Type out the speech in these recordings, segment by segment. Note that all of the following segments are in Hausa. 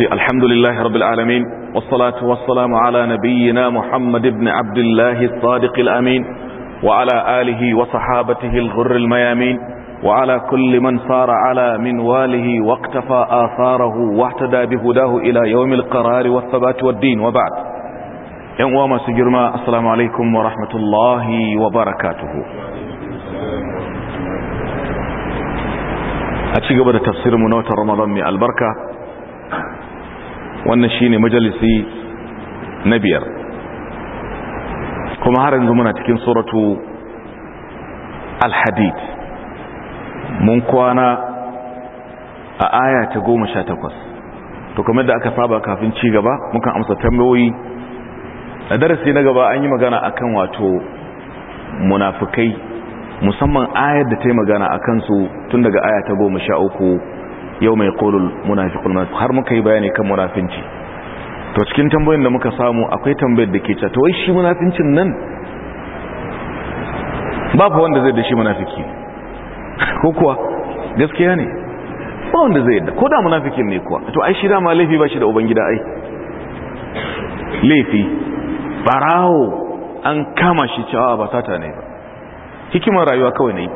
الحمد لله رب العالمين والصلاة والسلام على نبينا محمد بن عبد الله الصادق الأمين وعلى آله وصحابته الغر الميامين وعلى كل من صار على منواله واقتفى آثاره واهتدى بهداه إلى يوم القرار والثبات والدين وبعد يوم سجرما السلام عليكم ورحمة الله وبركاته أتشي قبل تفسير منوة رمضان من البركة wannan shi ne majalisi na biyar kuma har yanzu muna cikin suratu Alhadid mun kwana a aya ta goma sha takwas to kamar da aka saba kafin ci gaba mukan amsa tambayoyi a darasi na gaba an yi magana a kan wato munafukai musamman ayar da ta yi magana a kansu tun daga aya ta goma sha uku yau mai kolul munafikul har muka yi bayani kan munafinci to cikin tambayoyin da muka samu akwai tambayar da ke cewa to wai shi munafincin nan ba fa wanda zai da shi munafiki ko kuwa gaskiya ne ba wanda zai da ko da munafikin ne kuwa to ai shi dama laifi ba shi da ubangida ai laifi barawo an kama shi cewa ba sata ne ba hikimar rayuwa kawai ne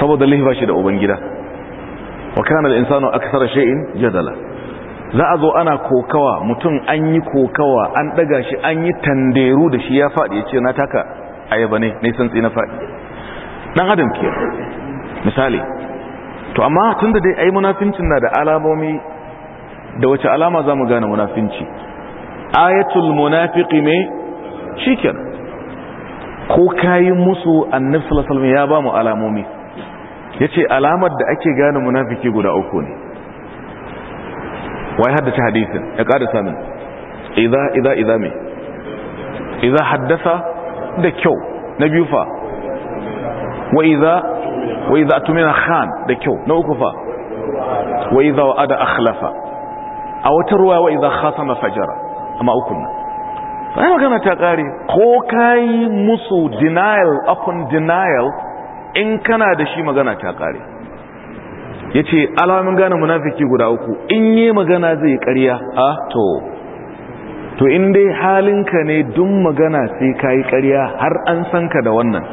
saboda laifi ba shi da ubangida wa kana da insanu akthara shay'in jadala za a zo ana kokawa mutum an yi kokawa an daga shi an yi tanderu da shi ya faɗi ya ce na taka ayaba ne na santsi na faɗi dan adam ke misali to amma tunda dai ai munafincin na da alamomi da wace alama za mu gane munafinci ayatul munafiqi me shikenan ko kayi musu annabi sallallahu alaihi wasallam ya ba mu alamomi Ya ce alamar da ake gane munafiki guda uku ne wai haddace hadisun ya kada samin Iza, iza, iza me Iza haddasa da kyau na biyu fa wa za a idza atumina khan da kyau na uku fa wa ada wa'ada akhlafa a wata ruwa wa idza na fajara amma uku na. sai magana ta kare ko kayi musu denial upon denial in kana da shi magana ta kare ya ce alamun gane munafiki guda uku in yi magana zai karya a ah, to to in dai halinka ne dun magana sai ka yi karya har an san ka da wannan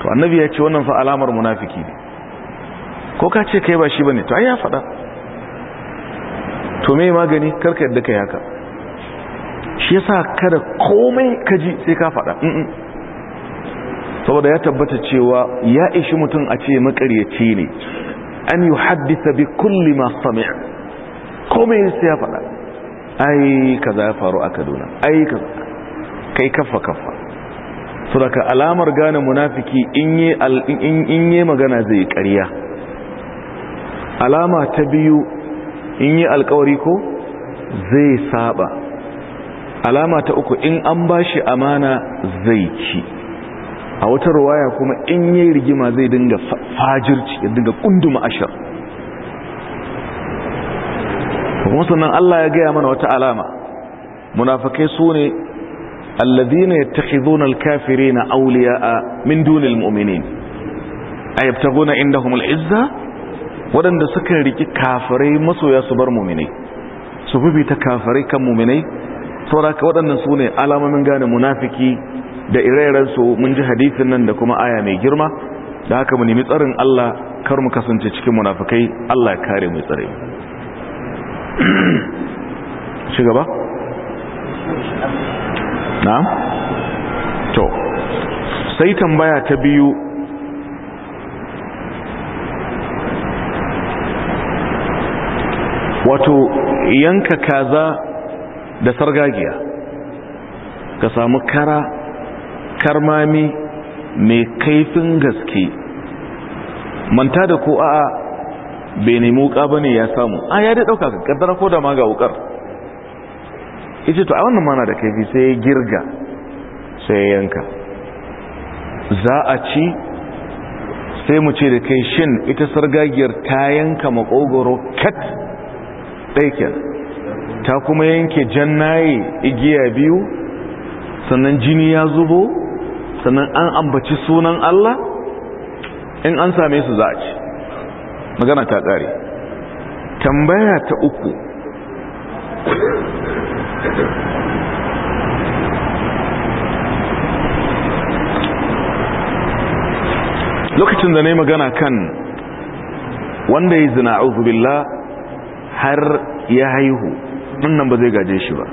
to annabi ya ce wannan fa alamar munafiki ne ko ka ce kai ba shi ba ne to an ya faɗa to me magani karka yadda ka yi haka shi yasa kada komai kaji sai ka faɗa saboda ya tabbata cewa ya ishi mutum a ce makaryaci ne an yi haddisa bi kulli masu sami'a komai ya faɗa ai za ya faru a kaduna ai ka kai kafa kafa su daga alamar gane munafiki in yi magana zai ƙarya alama ta biyu in yi alkawari ko zai saba alama ta uku in an bashi amana zai ci a wata ruwaya kuma in yi rigima zai dinga fajirci ya dinga kundu ma'ashar. kuma sannan Allah ya gaya mana wata alama munafakai su ne alladhina yattakhidhuna na kafirina a min dunil mu'minin ayabtaghuna indahum al-izza wadanda suka riki kafirai masoya su bar mu'minai su ta kafirai kan mu'minai saboda waɗannan su ne alamomin gane munafiki da ire su mun ji hadisin nan da kuma aya mai girma da haka mu nemi tsarin Allah kar mu kasance cikin munafikai Allah ya kare mu tsare shi gaba na'am to sai tambaya ta biyu wato yanka kaza da sargagiya ka samu kara karmami mai kaifin gaske manta da ko a'a bai nemi wuka ba ne ya samu a ya dai ɗauka ka ƙaddara ko da ma ga wukar ita to a wannan mana da kaifi sai ya girga sai ya yanka za a ci sai mu ce da kai shin ita sargagiyar ta yanka makogoro kat ɗaiken ta kuma yanke jannaye igiya biyu sannan jini ya zubo sannan an ambaci sunan Allah in an same su za a ci magana ta ƙari. tambaya ta uku lokacin da na magana kan wanda ya zina a har ya haihu nan ba zai gaje shi ba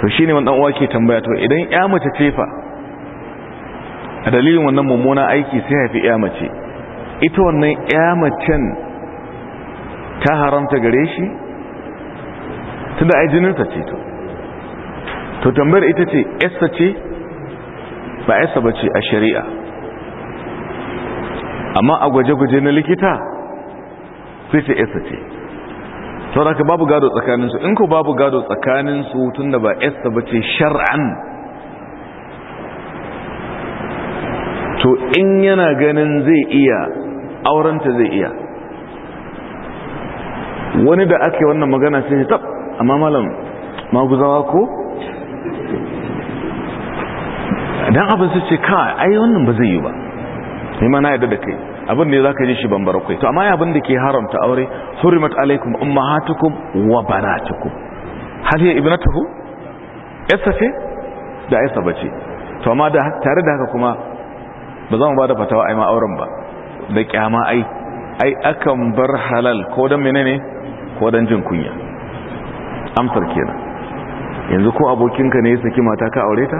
to shi ne wani ɗan'uwa ke tambaya to idan ya mace ce a dalilin wannan mummunan aiki sai haifi ya mace ita wannan ya macen ta haramta gare shi tunda ai jininsa ce to to tambayar ita ce yasta ce ba yasta ba ce a shari'a amma a gwaje-gwaje na likita sai ce yasta ce sauraka babu gado tsakaninsu in ko babu gado tsakaninsu tun da ba yasta ba ce shar'an to in yana ganin zai iya aurenta zai iya wani da ake wannan magana sai ya tab amma malam maguzawa ko dan abin su ce ka ai wannan ba zai yi ba ni ma na yadda da kai abin ne zaka ji shi bambara kai to amma ya abin da ke haramta aure hurimat alaikum ummahatukum wa banatukum hal ya ibnatuhu yasa ce da yasa bace to amma da tare da haka kuma ba za mu ba da fatawa a yi auren ba da kyama ai ai akan bar halal ko mene ne ko don jin kunya amsar kenan yanzu ko abokinka ne ya saki mata ka aure ta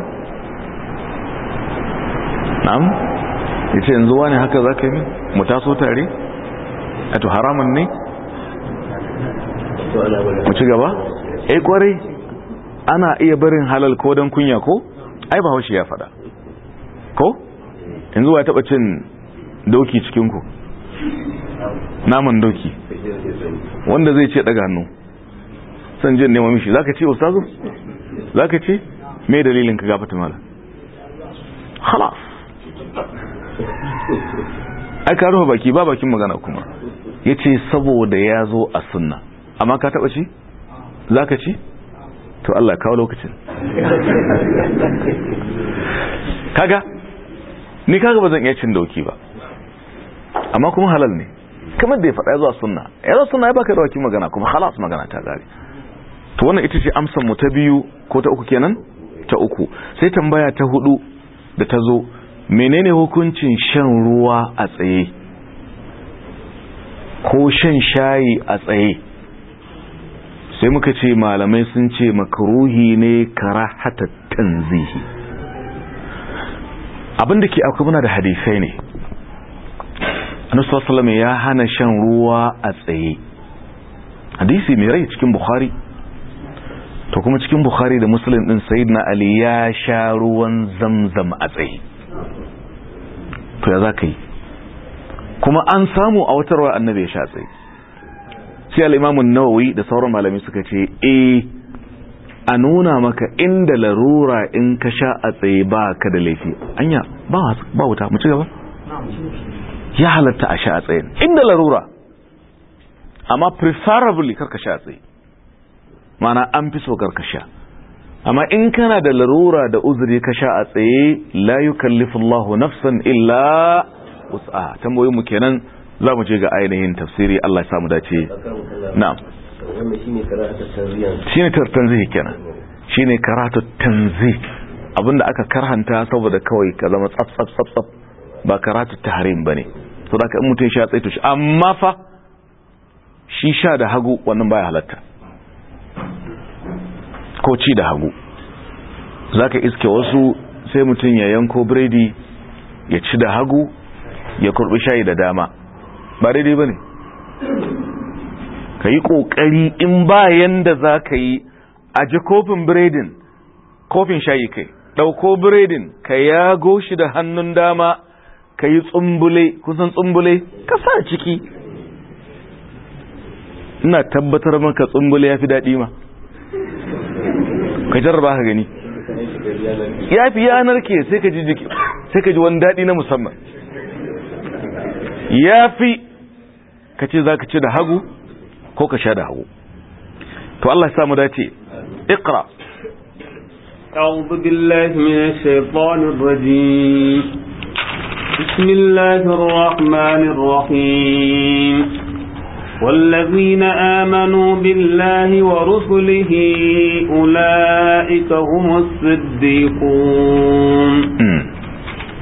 na'am ce yanzu wani haka ka yi mu taso tare a to haramun ne mu ci gaba ai eh kwarai ana iya barin halal ko don kunya ko ai ba haushi ya fada ko yanzu wa taba cin doki cikin naman doki wanda zai ce daga hannu san jin nema mishi zaka ce ustazu zaka ce me dalilin ka gafata mala khalas ai ka rufe baki ba bakin magana kuma yace saboda ya zo a sunna amma ka taba ci zaka ci to Allah kawo lokacin kaga ni kaga ba zan iya cin doki ba amma kuma halal ne kamar da ya faɗa zuwa sunna ya zuwa sunna ya baka da magana kuma halas magana ta gari to wannan ita ce amsan mu ta biyu ko ta uku kenan ta uku sai tambaya ta hudu da ta zo menene hukuncin shan ruwa a tsaye ko shan shayi a tsaye sai muka ce malamai sun ce makaruhi ne karahata tanzihi abin da ke akwai muna da hadisai ne annabi ya hana shan ruwa a tsaye hadisi mai rai cikin bukhari to kuma cikin bukhari da musulun din sayyidina ali ya sha ruwan zamzam a tsaye to ya za ka yi kuma an samu a wata annabi ya sha tsaye siya al'imamun nawawi da sauran malami suka ce eh a nuna maka inda larura in ka sha a tsaye ba ka da laifi anya ba wuta mu ci gaba ya halatta a sha a tsaye inda larura amma preferably karka sha a tsaye mana an fi so karka sha amma in kana da larura da uzuri ka sha a tsaye la yukallifullahu nafsan illa wus'a tambayoyin mu kenan za mu je ga ainihin tafsiri Allah ya samu dace na'am shine tanzih kenan shine karatu tanzih abinda aka karhanta saboda kawai ka zama tsaf tsaf tsaf tsaf ba karatu tahrim bane to da ka in mutun sha tsaito shi amma fa shi sha da hagu wannan baya halatta ko ci da hagu zaka iske wasu sai mutun ya yanko biredi ya ci da hagu ya kurbi shayi da dama ba daidai bane ka yi ƙoƙari in ba yanda za ka yi a ji kofin biredin kofin shayi kai ɗauko biredin ka yago shi da hannun dama ka yi tsumbule kusan tsumbule ka sa ciki ina tabbatar maka tsumbule ya fi daɗi ma ka jarraba ka gani ya fi yanar ke sai ka ji wani daɗi na musamman ya fi ka ce za ka ce da hagu ko ka sha da hagu to Allah ya samu dace iqra أعوذ بالله من الشيطان الرجيم بسم الله الرحمن الرحيم والذين آمنوا بالله ورسله أولئك هم الصديقون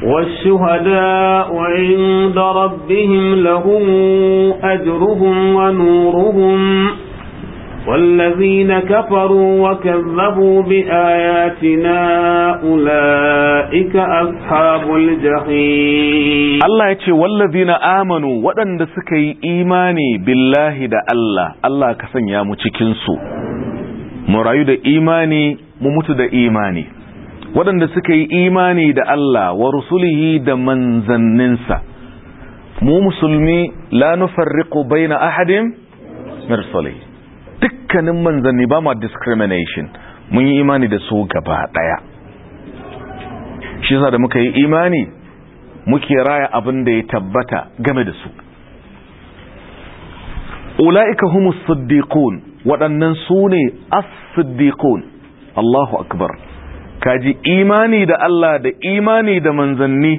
والشهداء عند ربهم لهم أجرهم ونورهم والذين كفروا وكذبوا بآياتنا أولئك أصحاب الجحيم الله يتشي والذين آمنوا ودن دسكي إيماني بالله دا الله الله كسن يا متشكنسو مرايو دا إيماني مموت دا إيماني waɗanda suka yi imani da Allah wa rusulihi da manzanninsa mu musulmi la nufarriqu baina ahadin mirsali dukkanin manzanni ba ma discrimination mun yi imani da su gaba daya shi yasa da muka yi imani muke raya abin da ya tabbata game da su ula'ika humus siddiqun waɗannan su ne as-siddiqun Allahu akbar kaji imani da Allah da imani da manzanni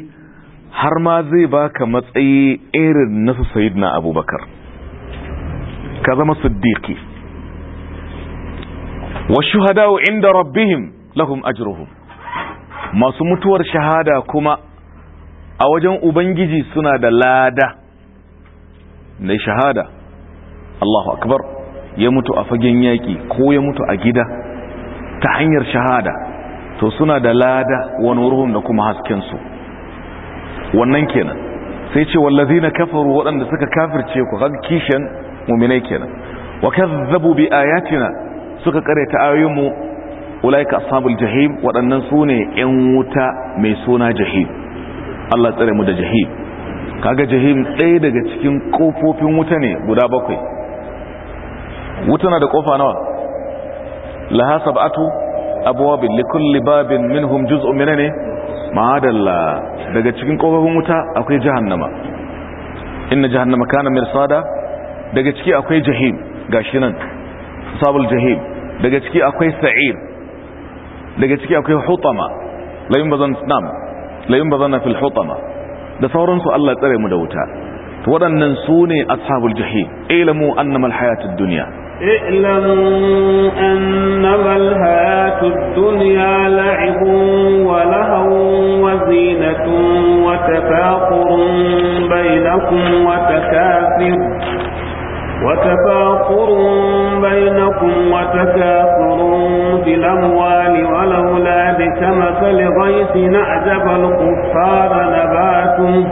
har ma zai baka matsayi irin na su abubakar ka zama siddiqi wa shuhada'u inda rabbihim lahum ajruhum masu mutuwar shahada kuma a wajen ubangiji suna da lada na shahada Allahu akbar ya mutu a fagen yaki ko ya mutu a gida ta hanyar shahada to suna da lada wa nuruhum da kuma hasken su wannan kenan sai ce lazina kafaru waɗanda suka kafirce ku kaga kishan mu'minai kenan wa kazzabu bi ayatina suka kareta ayoyin mu ulaika ashabul jahim waɗannan sune ƴan wuta mai suna jahim Allah tsare mu da jahim kaga jahim ɗaya daga cikin kofofin wuta ne guda bakwai wuta na da kofa nawa laha sab'atu abwabin likulli babin minhum juz'un minane ma'adalla daga cikin kofofin wuta akwai jahannama inna jahannama kana mirsada daga ciki akwai jahim gashi nan sabul jahim daga ciki akwai sa'ir daga ciki akwai hutama layun bazan nam layun bazan fil hutama da sauransu Allah tsare mu da wuta waɗannan su ne ashabul jahim ilamu annama alhayatud duniya. اعلموا أنما الهات الدنيا لعب ولهو وزينة وتفاقر بينكم وتكاثر وتفاقر بينكم وتكاثر في الأموال والأولاد كمثل غيث نعجب الكفار نباته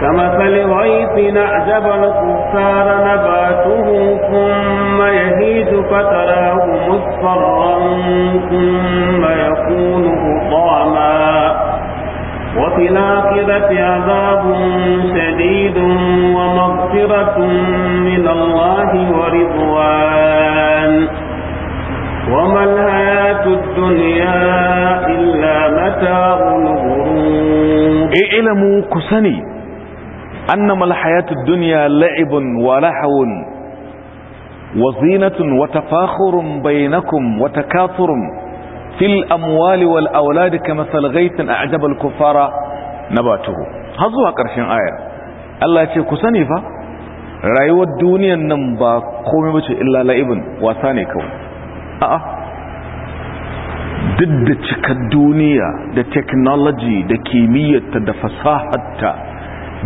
كمثل غيث أعجب الكفار نباته ثم يهيج فتراه مصفرا ثم يكون حطاما وفي الآخرة عذاب شديد ومغفرة من الله ورضوان وما الحياة الدنيا إلا متاع الغرور اعلموا كسني أنما الحياة الدنيا لعب ولحو وزينة وتفاخر بينكم وتكاثر في الأموال والأولاد كمثل غيث أعجب الكفار نباته هذا هو قرشين آية الله يقول كساني فا رأيو الدنيا النمبا قوم بشي إلا لعب وثاني كون أه ضد تك الدنيا دا تكنولوجي دا كيمية دا فصاحة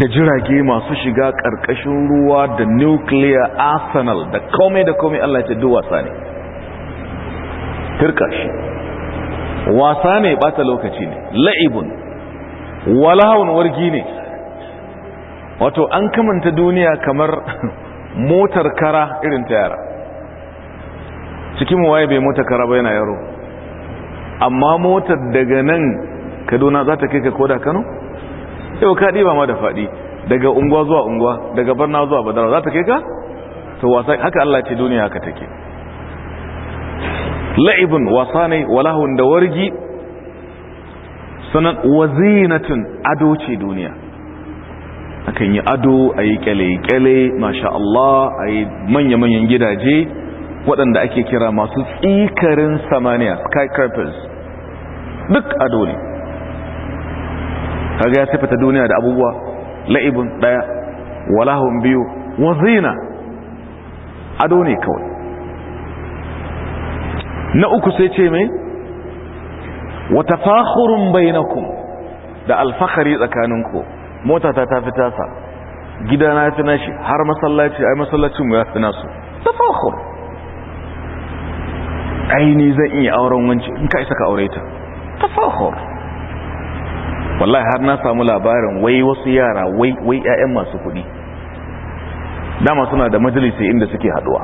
da jirage masu shiga ƙarƙashin ruwa da nuclear arsenal da komai da komai Allah ya ce wasa ne turka wasa ne bata lokaci ne la'ibun walahun wargi ne wato an kamanta duniya kamar motar kara irin ta yara cikin waye bai motar kara ba yana yaro amma motar daga nan kaduna za ta kai ka koda kano yau ka ɗiba ma da faɗi daga unguwa zuwa unguwa daga barna zuwa badara za ta ke ka to wasa haka Allah ce duniya haka take La'ibin wasa ne walahun da wargi sanan wazinatun ado ce duniya akan yi ado a yi kyale-kyale masha Allah a yi manya-manyan gidaje waɗanda ake kira masu tsikarin samaniya skycrapers duk ado ne kaga ya sifata duniya da abubuwa la'ibun daya walahun biyu wazina ado ne kawai na uku sai ce mai wata fakhurun bainakum da alfahari tsakaninku mota ta tafi tasa gidana ya fi nashi har masallaci ai masallacin mu ya fi nasu tafakhur aini zan iya auren wance in ka isa ka aure ta ta tafakhur wallahi har na samu labarin wai wasu yara wai wai ƴaƴan masu kuɗi dama suna da majalisi inda suke haduwa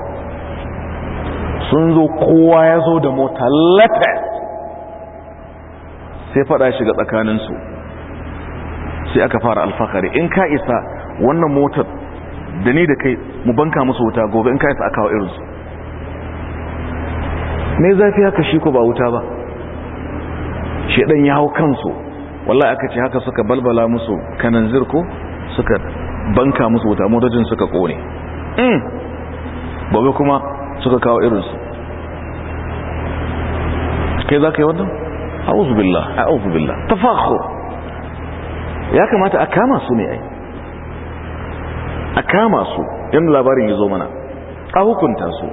sun zo kowa ya zo da mota latas sai fada shiga tsakaninsu sai aka fara alfakari in ka isa wannan motar da ni da kai mu banka musu wuta gobe in ka isa aka irinsu me zafi haka shi ko ba wuta ba shi ya hau kansu wallahi aka ce haka suka balbala musu kanan zirku suka banka musu wuta motocin suka kone hmm. gobe kuma suka kawo irinsu kai za ka yi wannan a'udhu billah a'udhu billah ya kamata a kama su ne ai a kama su yadda labarin ya zo mana a hukunta su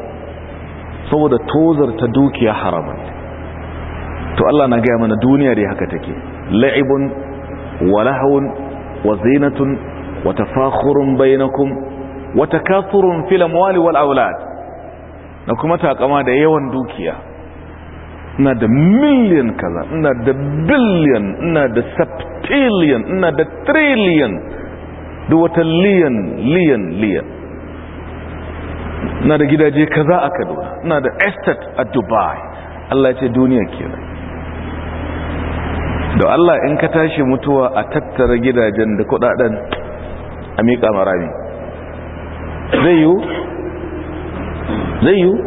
saboda tozar ta dukiya haramun to Allah na gaya mana duniya dai haka take la'ibun wa lahawun wa zinatun wa tafakhurun bainakum wa takathurun fil amwali wal aulad na kuma takama da yawan dukiya ina da miliyan kaza ina da billion ina da septillion ina da trillion wata liyan liyan liyan ina da gidaje kaza a kaduna ina da estate a dubai Allah ya ce duniya kenan da Allah in ka tashi mutuwa a tattara gidajen da kudaden a miƙa marami zai yiwu zai yiwu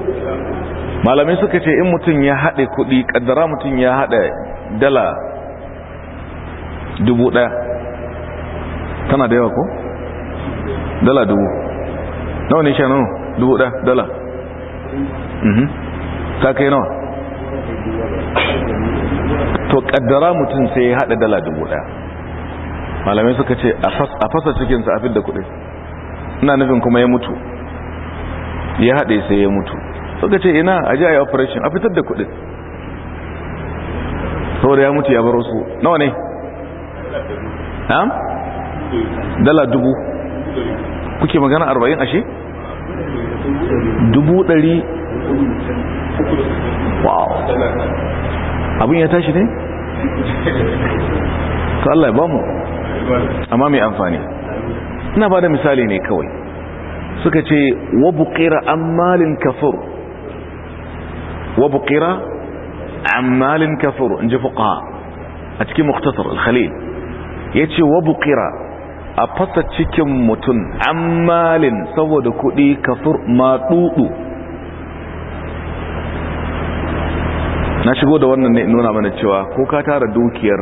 malamai suka ce in mutum ya haɗe kuɗi ƙaddara mutum ya haɗe dala dubu ɗaya tana da yawa ko? dala dubu nawa ne shanu dubu ɗaya dala mhm. ta kai nawa to kaddara mutum sai ya hada dala dubu daya malamai suka ce a fasa cikinsa a fidda kuɗi. ina nufin kuma ya mutu ya haɗe sai ya mutu suka ce ina a ji a yi operation a fitar da kudin da ya mutu ya baro su. nawa ne? dala dubu kuke magana arba'in ashe? dubu ɗari wow abin ya tashi ne to Allah ya ba mu amma mai amfani ina ba da misali ne kawai suka ce wa buƙira ammalin kafur wa buƙira ammalin kafur in ji fuka a cikin muktasar alkhalil ya ce wa buƙira a fasa cikin mutum ammalin saboda kuɗi kafur ma ɗuɗu na shigo da wannan ne nuna mana cewa ko ka tara dukiyar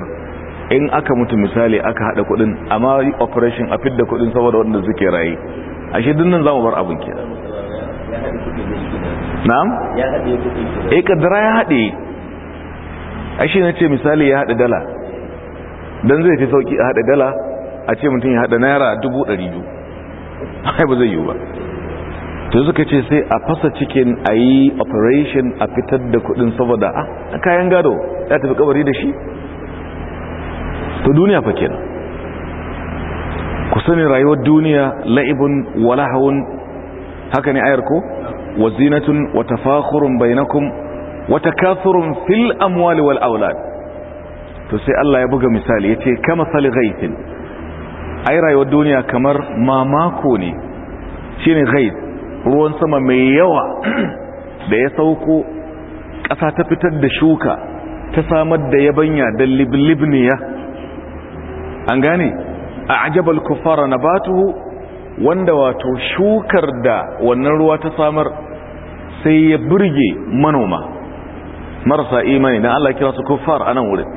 in aka mutu misali aka hada kudin amma operation a fidda kudin saboda wanda suke raye ashe dinnan mu bar abin ke na'am ya hade kudin eh kadara ya hade na nace misali ya hada dala dan zai fi sauki a hada dala a ce mutum ya hada naira 200 ai ba zai yiwu ba to suka ce sai a fasa cikin a yi operation a fitar da kudin saboda ah, a kayan gado ya tafi kabari da shi to duniya fa kenan ku sani rayuwar duniya la'ibun walahawun haka ne ayar ko wazinatun wa tafakhurun bainakum wata kafurun fil amwali wal aulad to sai Allah ya buga misali yace kama sali ghaithin ai rayuwar duniya kamar mamako ne shine ghait ruwan sama mai yawa da ya sauko ƙasa ta fitar da shuka ta samar da yabanya da liblibniya an gane a ajabal kufara na batuhu wanda wato shukar da wannan ruwa ta samar sai ya burge manoma marasa imani na Allah kira su a nan wurin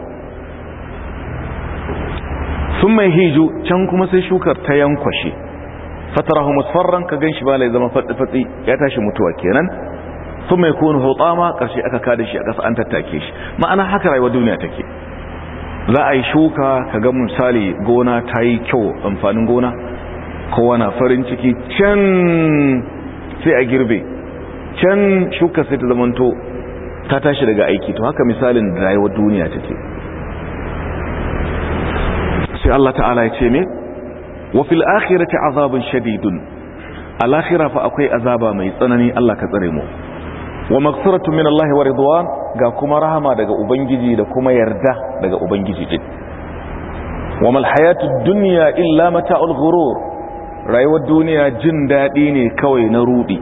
sun mai hiju can kuma sai shukar ta yankwashe fatarahu musfarran ka ganshi ba lai zama fatsi ya tashi mutuwa kenan sun mai kunu hutama karshe aka kada shi a ƙasa an tattake shi ma'ana haka rayuwa duniya take za a yi shuka ka ga misali gona ta yi kyau amfanin gona kowa na farin ciki can sai a girbe can shuka sai ta zamanto ta tashi daga aiki to haka misalin rayuwar duniya take sai Allah ta'ala ya ce me wa fil akhirati azabun shadidun A akhirah fa akwai azaba mai tsanani Allah ka tsare mu wa maghfiratun min Allah wa ridwan ga kuma rahama daga ubangiji da kuma yarda daga ubangiji din wa malhayatu duniya illa mata ghurur rayuwar duniya jin daɗi ne kawai na rudi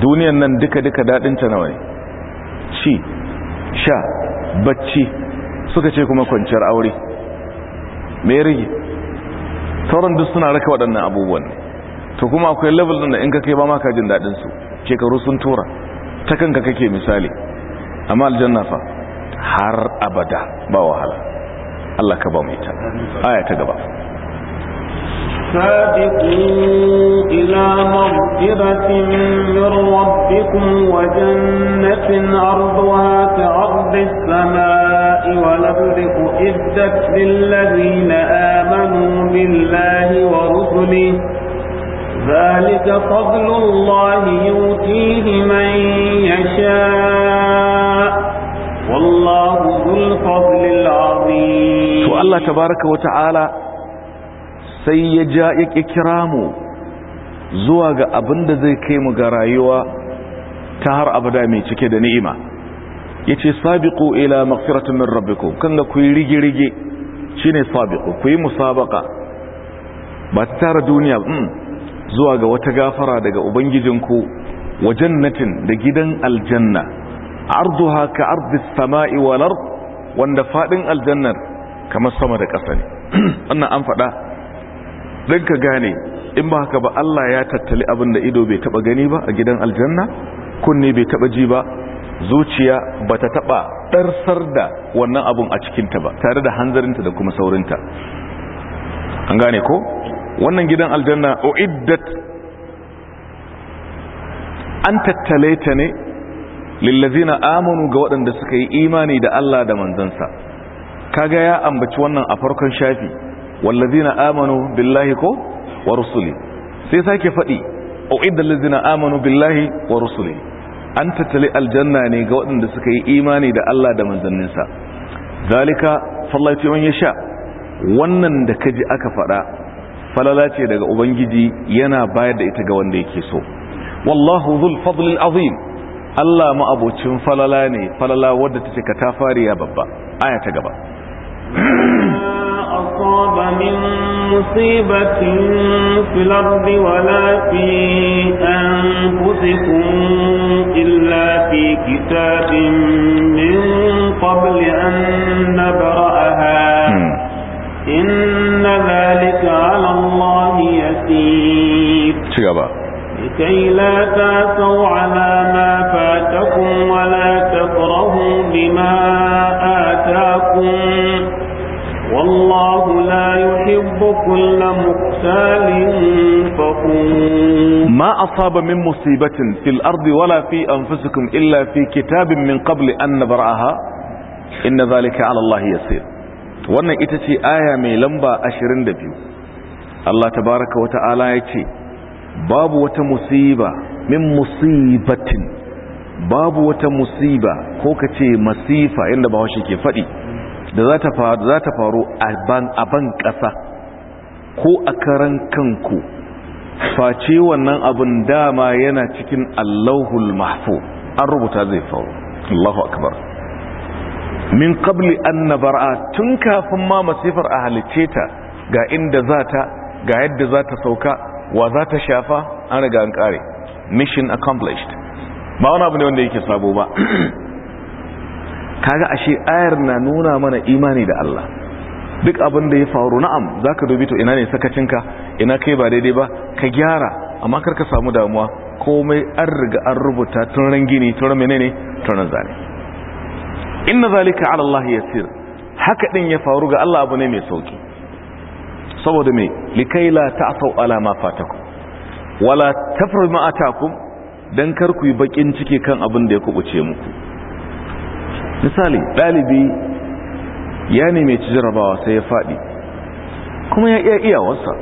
duniyan nan duka duka daɗin ta nawa ne ci sha bacci suka ce kuma kwanciyar aure me rige sauran duk suna raka waɗannan abubuwan to kuma akwai level din da in ka kai ba ma ka jin daɗin su shekaru sun tura ta kanka kake misali amma aljanna fa har abada ba wahala Allah ka ba mu ita aya ta gaba سابقوا إلى مغفرة من ربكم وجنة أرضها كأرض السماء ولبدق إذت للذين آمنوا بالله ورسله ذلك فضل الله يؤتيه من يشاء والله ذو الفضل العظيم الله تبارك وتعالى sai ya ja ya kira mu zuwa ga abin da zai kai mu ga rayuwa ta har abada mai cike da ni'ima yace sabiqu ila maghfiratin min rabbikum Kan ku kuyi rige rige shine sabiqu ku yi musabaqa ba tara duniya mm, zuwa ga wata gafara daga ubangijinku wa jannatin da gidan aljanna arduha ka ardis sama'i wal ard wanda fadin aljannar kamar sama da ƙasar, ne wannan an faɗa don ka gane in ba haka ba Allah ya tattali abin da ido bai taba gani ba a gidan aljanna kunne bai taba ji ba zuciya ba ta taba ɗarsar da wannan abin a cikinta ba tare da hanzarinta da kuma saurinta an gane ko wannan gidan aljanna uiddat an tattale ta ne lillazina amanu ga waɗanda suka yi imani da Allah da manzansa kaga ya ambaci wannan a farkon shafi wallazina amanu billahi ko wa rusuli sai sake faɗi uidda allazina amanu billahi wa rusuli an tattali aljanna ne ga waɗanda suka yi imani da Allah da manzanninsa zalika fallati ya yasha wannan da kaji aka faɗa falala ce daga ubangiji yana bayar da ita ga wanda yake so wallahu zul fadlil azim Allah ma'abocin falala ne falala wadda take katafariya babba aya ta gaba أصاب من مصيبة في الأرض ولا في أنفسكم إلا في كتاب من قبل أن نبرأها إن ذلك على الله يسير لكي لا تأسوا على ما فاتكم ولا والله لا يحب كل مختال فخور ما أصاب من مصيبة في الأرض ولا في أنفسكم إلا في كتاب من قبل أن نبرأها إن ذلك على الله يسير wannan ita ce aya mai lamba 22 Allah tabaraka wata'ala ya ce babu wata musiba min musibatin babu wata musiba ko ka ce masifa inda ba washe ke faɗi da za ta faru a ban ƙasa ko a karan kanku face wannan abin dama yana cikin allahul mahfu an rubuta zai faru allahu akbar min qabli an nabara tun kafin ma masifar a halice ta ga inda za ta ga yadda za ta sauka wa za ta shafa an riga an kare mission accomplished ba wani abu ne wanda yake sabo ba kaga ashe ayar na nuna mana imani da Allah duk abin da ya faru na'am za ka dubi to ina ne sakacinka ina kai ba daidai ba ka gyara amma kar ka samu damuwa komai an riga an rubuta tun ran gini tun ran menene tun zane inna zalika ala Allah yasir haka din ya faru ga Allah abu ne mai sauki saboda me likai la ta'sau ala ma fatakum wala tafru ma atakum dan kar ku yi bakin ciki kan abin da ya kubuce muku misali ɗalibi ya mai ci jarabawa sai ya faɗi kuma ya iya iya wasa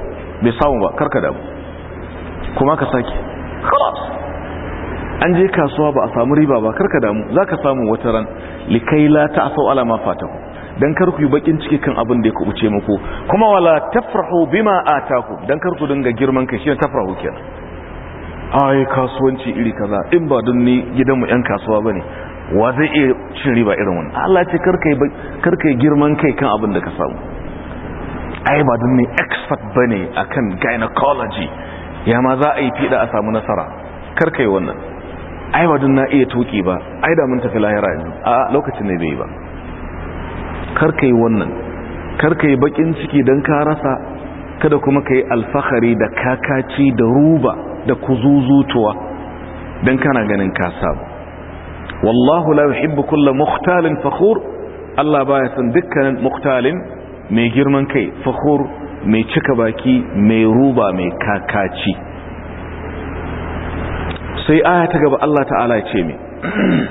bai samu ba karka damu kuma ka sake an je kasuwa ba a samu riba ba karka damu za ka samu wata ran likaila ta asau alama ku don karku yi bakin ciki kan abin da ya kubuce muku kuma wala tafrahu bima ku don karku dinga girman ka shi ne tafrahu kenan ai kasuwanci iri kaza in ba don ni gidanmu yan kasuwa ba ne. wa zai iya cin riba irin wani? Allah ce karka yi girman kai kan abin da ka samu ai ba don ne expert bane akan gynecology ya ma za a yi fiɗa a samu nasara karka yi wannan ai ba don na iya tuki ba ai da mun tafi lahira yanzu a lokacin ne bai ba karka yi wannan karka yi bakin ciki don ka rasa kada kuma ka yi alfahari da kakaci da ruba da kuzuzutuwa don kana ganin ka samu wallahu la yuhibbu kulla mukhtalin fakhur Allah baya son dukkanin mukhtalin mai girman kai fakhur mai cika baki mai ruba mai kakaci sai aya ta gaba Allah ta'ala ya ce mai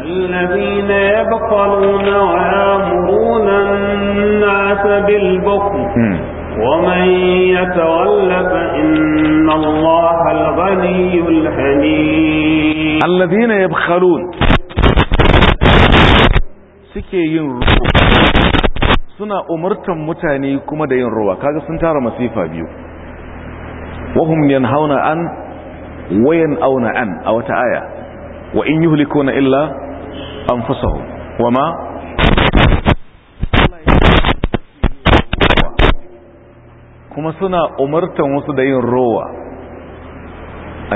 الذين يبخلون ويامرون الناس بالبخل ومن فإن الله الغني الحميد الذين يبخلون suke yin ruwa suna umurtan mutane kuma da yin ruwa kaga sun tara masifa biyu wahum yanhauna an wayan auna an a wata aya wa in yuhlikuna illa anfusahum wama kuma suna umartan wasu da yin rowa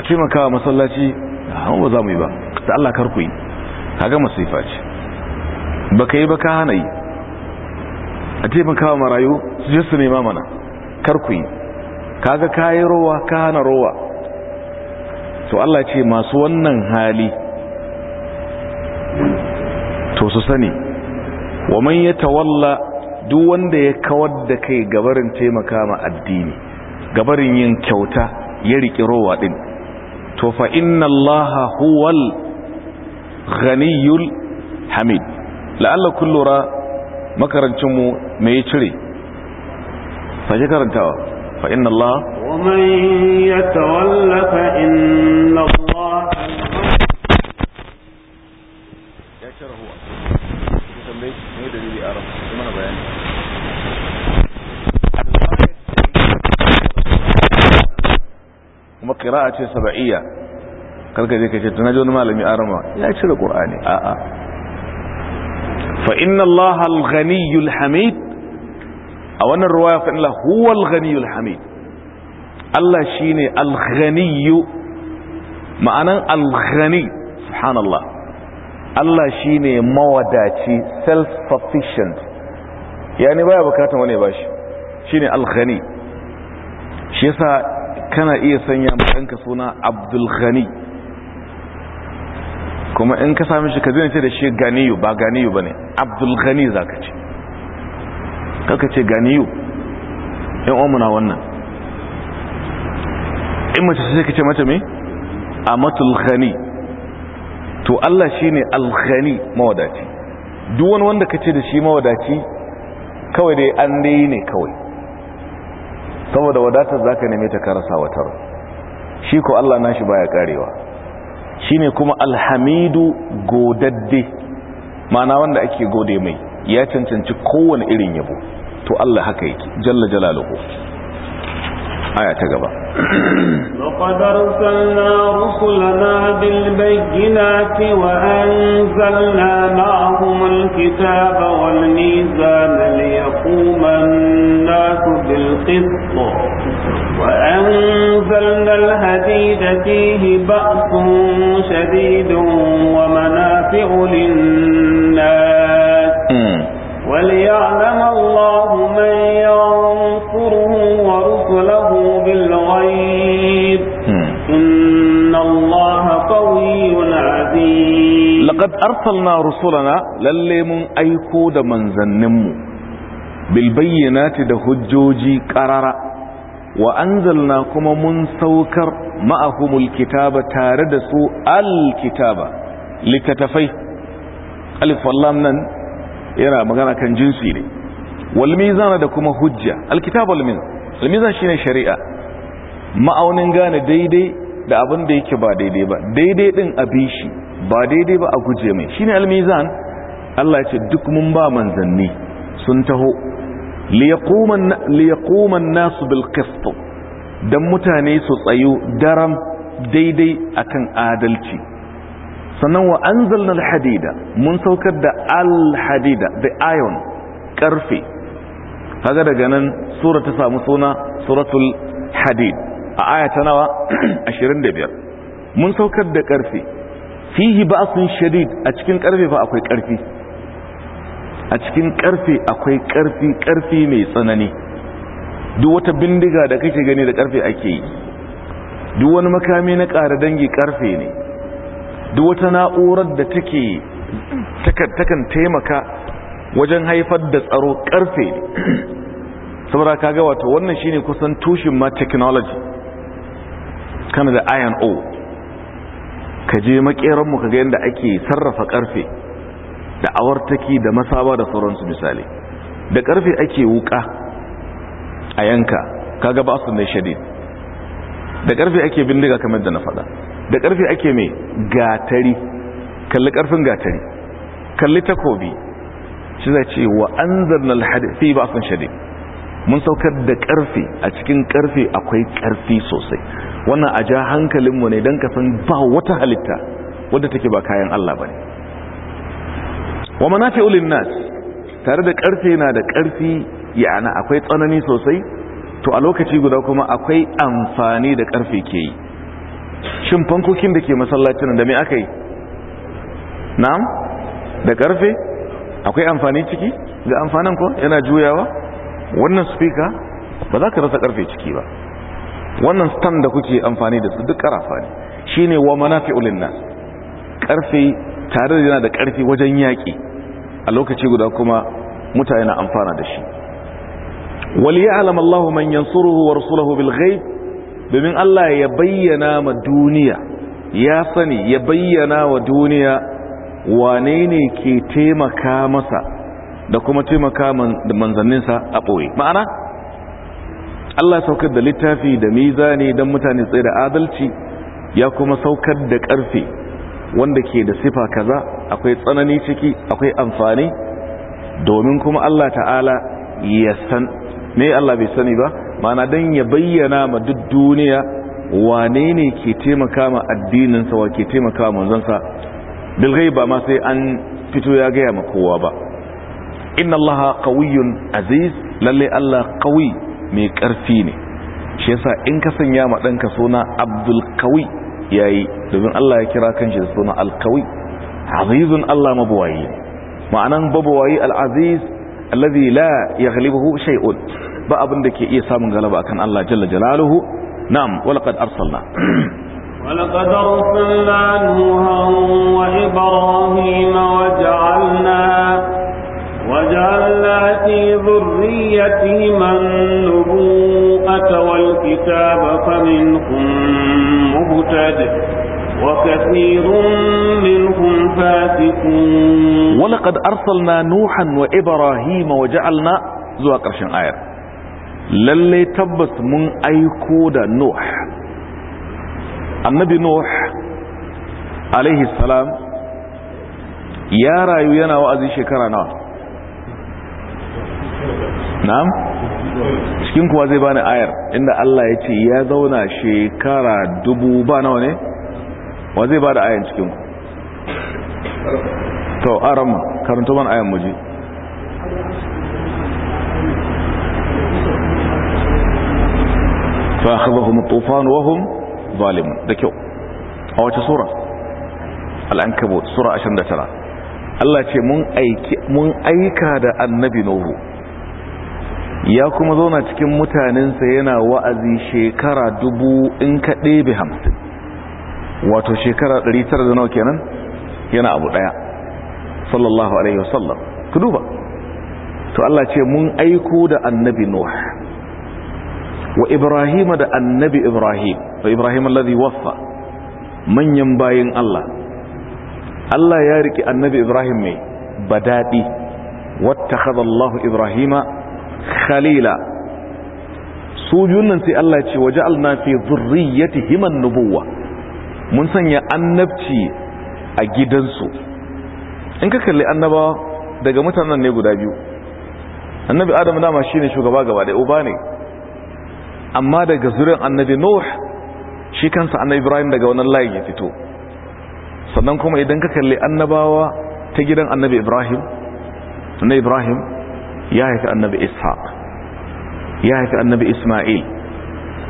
a taimakawa masallaci ba za mu yi ba da Allah karku yi kaga masifa ce Ba ka yi ba ka hana yi a taimakawa marayu su je su nema mana karku yi kaga kayi rowa ka hana rowa to Allah ce masu wannan hali to su sani wa man ya tawalla duk wanda ya kawar da kai gabarin taimaka ma addini gabarin yin kyauta ya riki rowa din to fa inna allaha huwal ghaniyul hamid la'alla kun lura makarancinmu mai ya cire sake karantawa fa inna Allah wa man yatawalla fa inna Allah ya cire huwa ku dalili a kuma na bayani kuma ce karka je wani malami arama ya cire qur'ani a'a fa inna allaha al a wannan ruwaya fa inna huwa al hamid Allah shine al-ghaniyu ma'anan al-ghani subhanallah Allah shine mawadaci self-sufficient yani baya bukatan wani shi shine al-ghani shi yasa kana iya sanya ma suna Abdul kuma in ka sami shi ka zai ce da shi ganiyu ba ganiyu ba ne abdulghani za ka ce kaka ce ganiyu yan omuna wannan in mace sai ka ce mata mai amatulghani to Allah shi ne alghani mawadaci duwan wanda ka ce da shi mawadaci kawai dai an dai ne kawai saboda wadatar za ka neme ta karasa watar shi ko Allah nashi baya karewa Shi ne kuma alhamidu godadde mana wanda ake gode mai ya cancanci kowane irin yabo to Allah haka yake jalla jalaluhu aya ta gaba laqad arsalna rusulana bil bayyinati wa anzalna ma'ahum al kitaba wal mizana liyaquma an-nasu bil qist وأنزلنا الحديد فيه بأس شديد ومنافع للناس وليعلم الله من ينصره ورسله بالغيب إن الله قوي عزيز لقد أرسلنا رسلنا لليم أيقود من ذنمه بالبينات ده هجوجي قرارا wa anzalna kuma mun saukar ma'ahumul kitaba tare da su alkitaba likatafai alif wallam nan yana magana kan jinsi ne wal mizan da kuma hujja alkitaba wal mizan al mizan shine shari'a ma'aunin gane daidai da abin da yake ba daidai ba daidai din abishi shi ba daidai ba a guje mai shine al mizan Allah ya ce duk mun ba manzanni sun taho liyakuman nasu bilkistu don mutane su tsayu daram daidai akan adalci sannan wa an alhadida mun saukar da alhadida the iron karfe haga daga nan sura ta samu suna suratul hadid a ayata nawa 25 mun saukar da karfe fihi sun shadid a cikin karfe ba akwai ƙarfi. a cikin karfe akwai karfi karfi mai tsanani duk wata bindiga da kake gani da karfe ake yi duk wani makami na ƙara dangi karfe ne duk wata na'urar da take takan taimaka wajen haifar da tsaro karfe ne saboda kaga wato wannan shine kusan tushin ma technology kana da iron o ka je makeranmu ka ga yadda ake sarrafa karfe da awartaki da masawa da sauransu misali da karfe ake wuka a yanka kaga ba su ne shadid da karfe ake bindiga kamar da na faɗa da karfe ake mai gatari kalli karfin gatari kalli takobi shi zai ce wa an zarna alhadisi ba sun shade mun saukar da karfe a cikin karfe akwai karfi sosai wannan a ja hankalinmu ne don kasan ba wata halitta wadda take ba kayan Allah ba ne wa manafi ulin nas, tare da karfe na da karfi yana akwai tsanani sosai to a lokaci guda kuma akwai amfani da karfe ke yi shin fankokin da ke masallacin da mai aka yi na'am da karfe akwai amfani ciki ga amfanin ko yana juyawa wannan speaker ba za ka rasa karfe ciki ba wannan stand da kuke amfani da su duk karafa ne shi ne wa manafi ulin nas. karfe tare da yana da karfi wajen yaƙi a lokaci guda kuma mutane na amfana da shi wali ya'lam Allah man yansuruhu wa rasuluhu bil ghaib domin Allah ya bayyana ma duniya ya sani ya bayyana wa duniya wane ne ke taimaka masa da kuma taimaka manzanninsa a ɓoye ma'ana Allah ya saukar da littafi da mizani dan mutane tsaye da adalci ya kuma saukar da ƙarfe wanda ke da sifa kaza akwai tsanani ciki akwai amfani domin kuma Allah ta'ala ya san me Allah bai sani ba mana dan ya bayyana ma duk duniya wane ne ke taimaka ma addininsa wa ke taimaka ma manzansa bilgai ba ma sai an fito ya gaya ma kowa ba inna allaha qawiyyun aziz lalle Allah qawi mai karfi ne shi yasa in ka sanya ma danka suna abdul qawi yayi domin Allah ya kira kanshi da suna alkawi azizun Allah mabuwayi ma'anan babuwayi al'aziz alladhi la yaghlibuhu shay'un ba abin da ke iya samun galaba akan Allah jalla jalaluhu na'am wa laqad arsalna wa laqad arsalna ولقد wa نوحا وإبراهيم وجعلنا وجعلنا في ذريتهما النبوءة والكتاب فمنهم مهتد وكثير منهم فاسقون ولقد أرسلنا نوحا وإبراهيم وجعلنا زوا قرشن آية للي تبس من أيكود نوح النبي نوح عليه السلام يا رايو ينا وأزي شكرا نعم cikin kuwa zai bani ayar inda Allah ya ce ya zauna shekara dubu ba nawa ne wa zai bada ayar cikin ku to aram karanto man ayar muji fa akhadhahum at-tufan wa hum zalimun da kyau a wace sura al-ankabut sura 29 Allah ce mun aika da annabi nuhu ya kuma zauna cikin mutanensa yana wa'azi shekara dubu in ka ɗebe hamsin wato shekara ɗari tara da nawa kenan yana abu ɗaya sallallahu alaihi wasallam ku duba to Allah ce mun aiko da annabi Nuh wa Ibrahim da annabi Ibrahim wa Ibrahim alladhi waffa manyan bayin Allah Allah ya riki annabi Ibrahim mai badadi wattakhadha Allahu Ibrahima khalila su biyun nan sai Allah ce waje alna fi zurriyati himan nubuwa mun sanya annabci a gidansu in ka kalli annaba daga mutanen ne guda biyu annabi adam dama shine shugaba gaba da uba ne amma daga zuriyar annabi nuh shi kansa annabi ibrahim daga wannan layin ya fito sannan kuma idan ka kalli annabawa ta gidan annabi ibrahim annabi ibrahim ya haifi annabi ishaq ya haifi annabi isma'il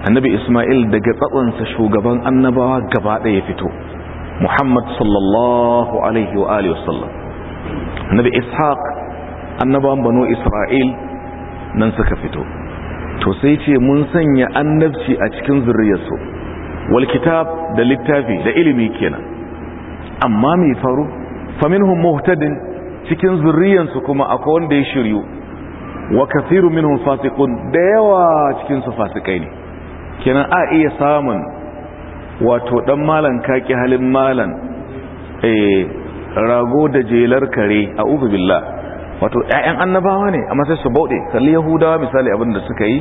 annabi isma'il daga tsatsansa shugaban annabawa gaba ɗaya ya fito muhammad sallallahu alaihi wa alihi wasallam annabi ishaq annabawan banu isra'il nan suka fito to sai ce mun sanya annabci a cikin zurriyarsu wal kitab da littafi da ilimi kenan amma mai faru faminhum muhtadin cikin zurriyarsu kuma akwai wanda ya shiryu wa kathiru minhum fasiqun da yawa cikin su fasikai ne kenan a iya samun wato dan malan kaki halin malan eh rago da jelar kare a ubu billah wato ƴaƴan annabawa ne amma sai su baude kalli yahudawa misali abin da suka yi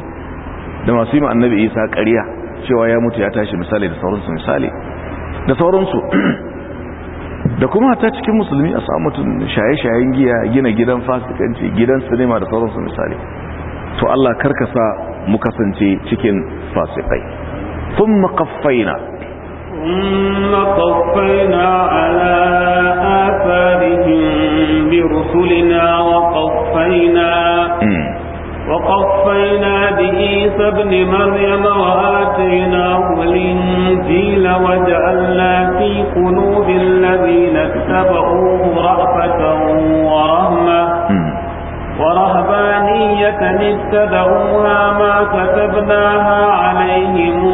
da masu yi annabi isa ƙarya cewa ya mutu ya tashi misali da sauransu misali da sauransu da kuma ta cikin musulmi a samu mutum shaye-shayen giya gina gidan fasikanci gidan sinima da sauransu misali to Allah karkasa mu kasance cikin fasikai sun makaffaina makaffaina ala bi rusulina wa وقفينا بعيسى ابن مريم وآتيناه الإنجيل وجعلنا في قلوب الذين اتبعوه رأفة ورهمة ورهبانية اتبعوها ما كتبناها عليهم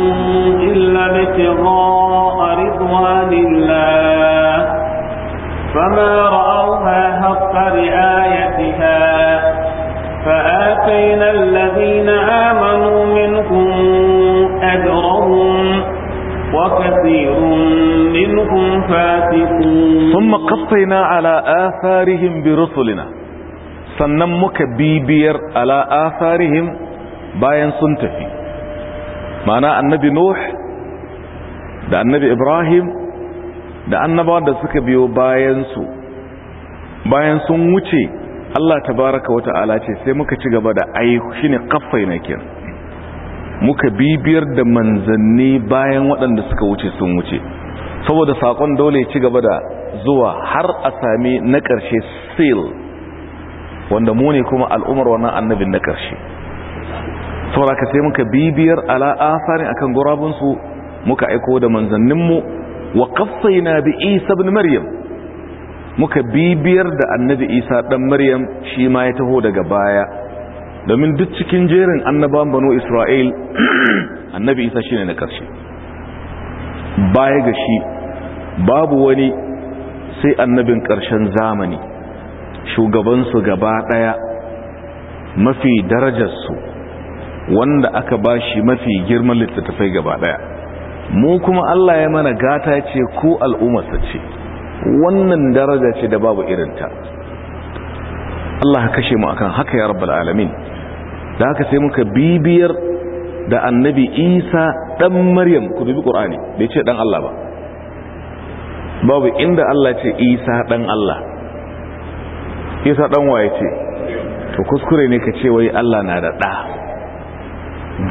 إلا ابتغاء رضوان الله wasaina ala atharihim bi rusulina sannan muka bibiyar ala atharihim bayan sun tafi ma'ana annabi nuh da annabi ibrahim da annabawa da suka biyo bayan su bayan sun wuce Allah tabaraka wa ta'ala ce sai muka ci gaba da aiku shine kaffaina kin muka bibiyar da manzanni bayan waɗanda suka wuce sun wuce saboda sakon dole ya ci gaba da zuwa har a sami na ƙarshe seal wanda mu ne kuma al'umar wannan annabin na ƙarshe saboda ka sai muka bibiyar ala asarin akan gurabinsu muka aiko da manzanninmu wa qaffaina bi isa ibn maryam muka bibiyar da annabi isa dan maryam shi ma ya taho daga baya domin duk cikin jerin annaban banu isra'il annabi isa shine na ƙarshe baya ga shi babu wani sai annabin ƙarshen zamani shugabansu gaba ɗaya mafi darajarsu wanda aka ba shi mafi girman littattafai gaba ɗaya mu kuma Allah ya mana gata ce ko al'ummarsa ce wannan daraja ce da babu irinta Allah ka kashe mu akan haka ya rabbal alamin da haka sai muka bibiyar da annabi isa ɗan maryam ku bibi ƙur'ani bai ce ɗan Allah ba babu inda Allah ce isa dan Allah isa dan waye ce to kuskure ne ka ce wai Allah na da d'a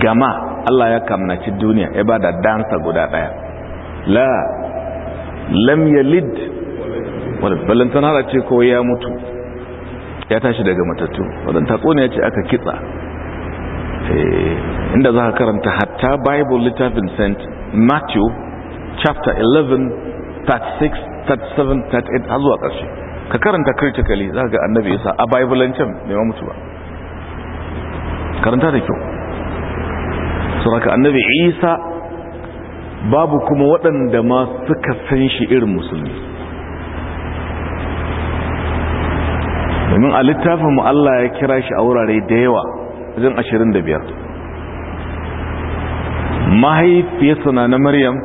gama Allah ya kamnaci duniya ya ba da dansa guda daya la lam yalid balantana da ce ko ya mutu ya tashi daga matattu ta ƙone ya ce aka kitsa eh, inda za ka karanta hatta bible littafin st matthew chapter 36 37 38 har zuwa ƙarshe ka karanta critically za ga annabi isa a bible-ancin neman mutu ba karanta da kyau suraka annabi isa babu kuma waɗanda ma suka san shi irin musulmi domin a littafin mu Allah ya kira shi a wurare da yawa wajen 25 mahaifiyarsa na na maryam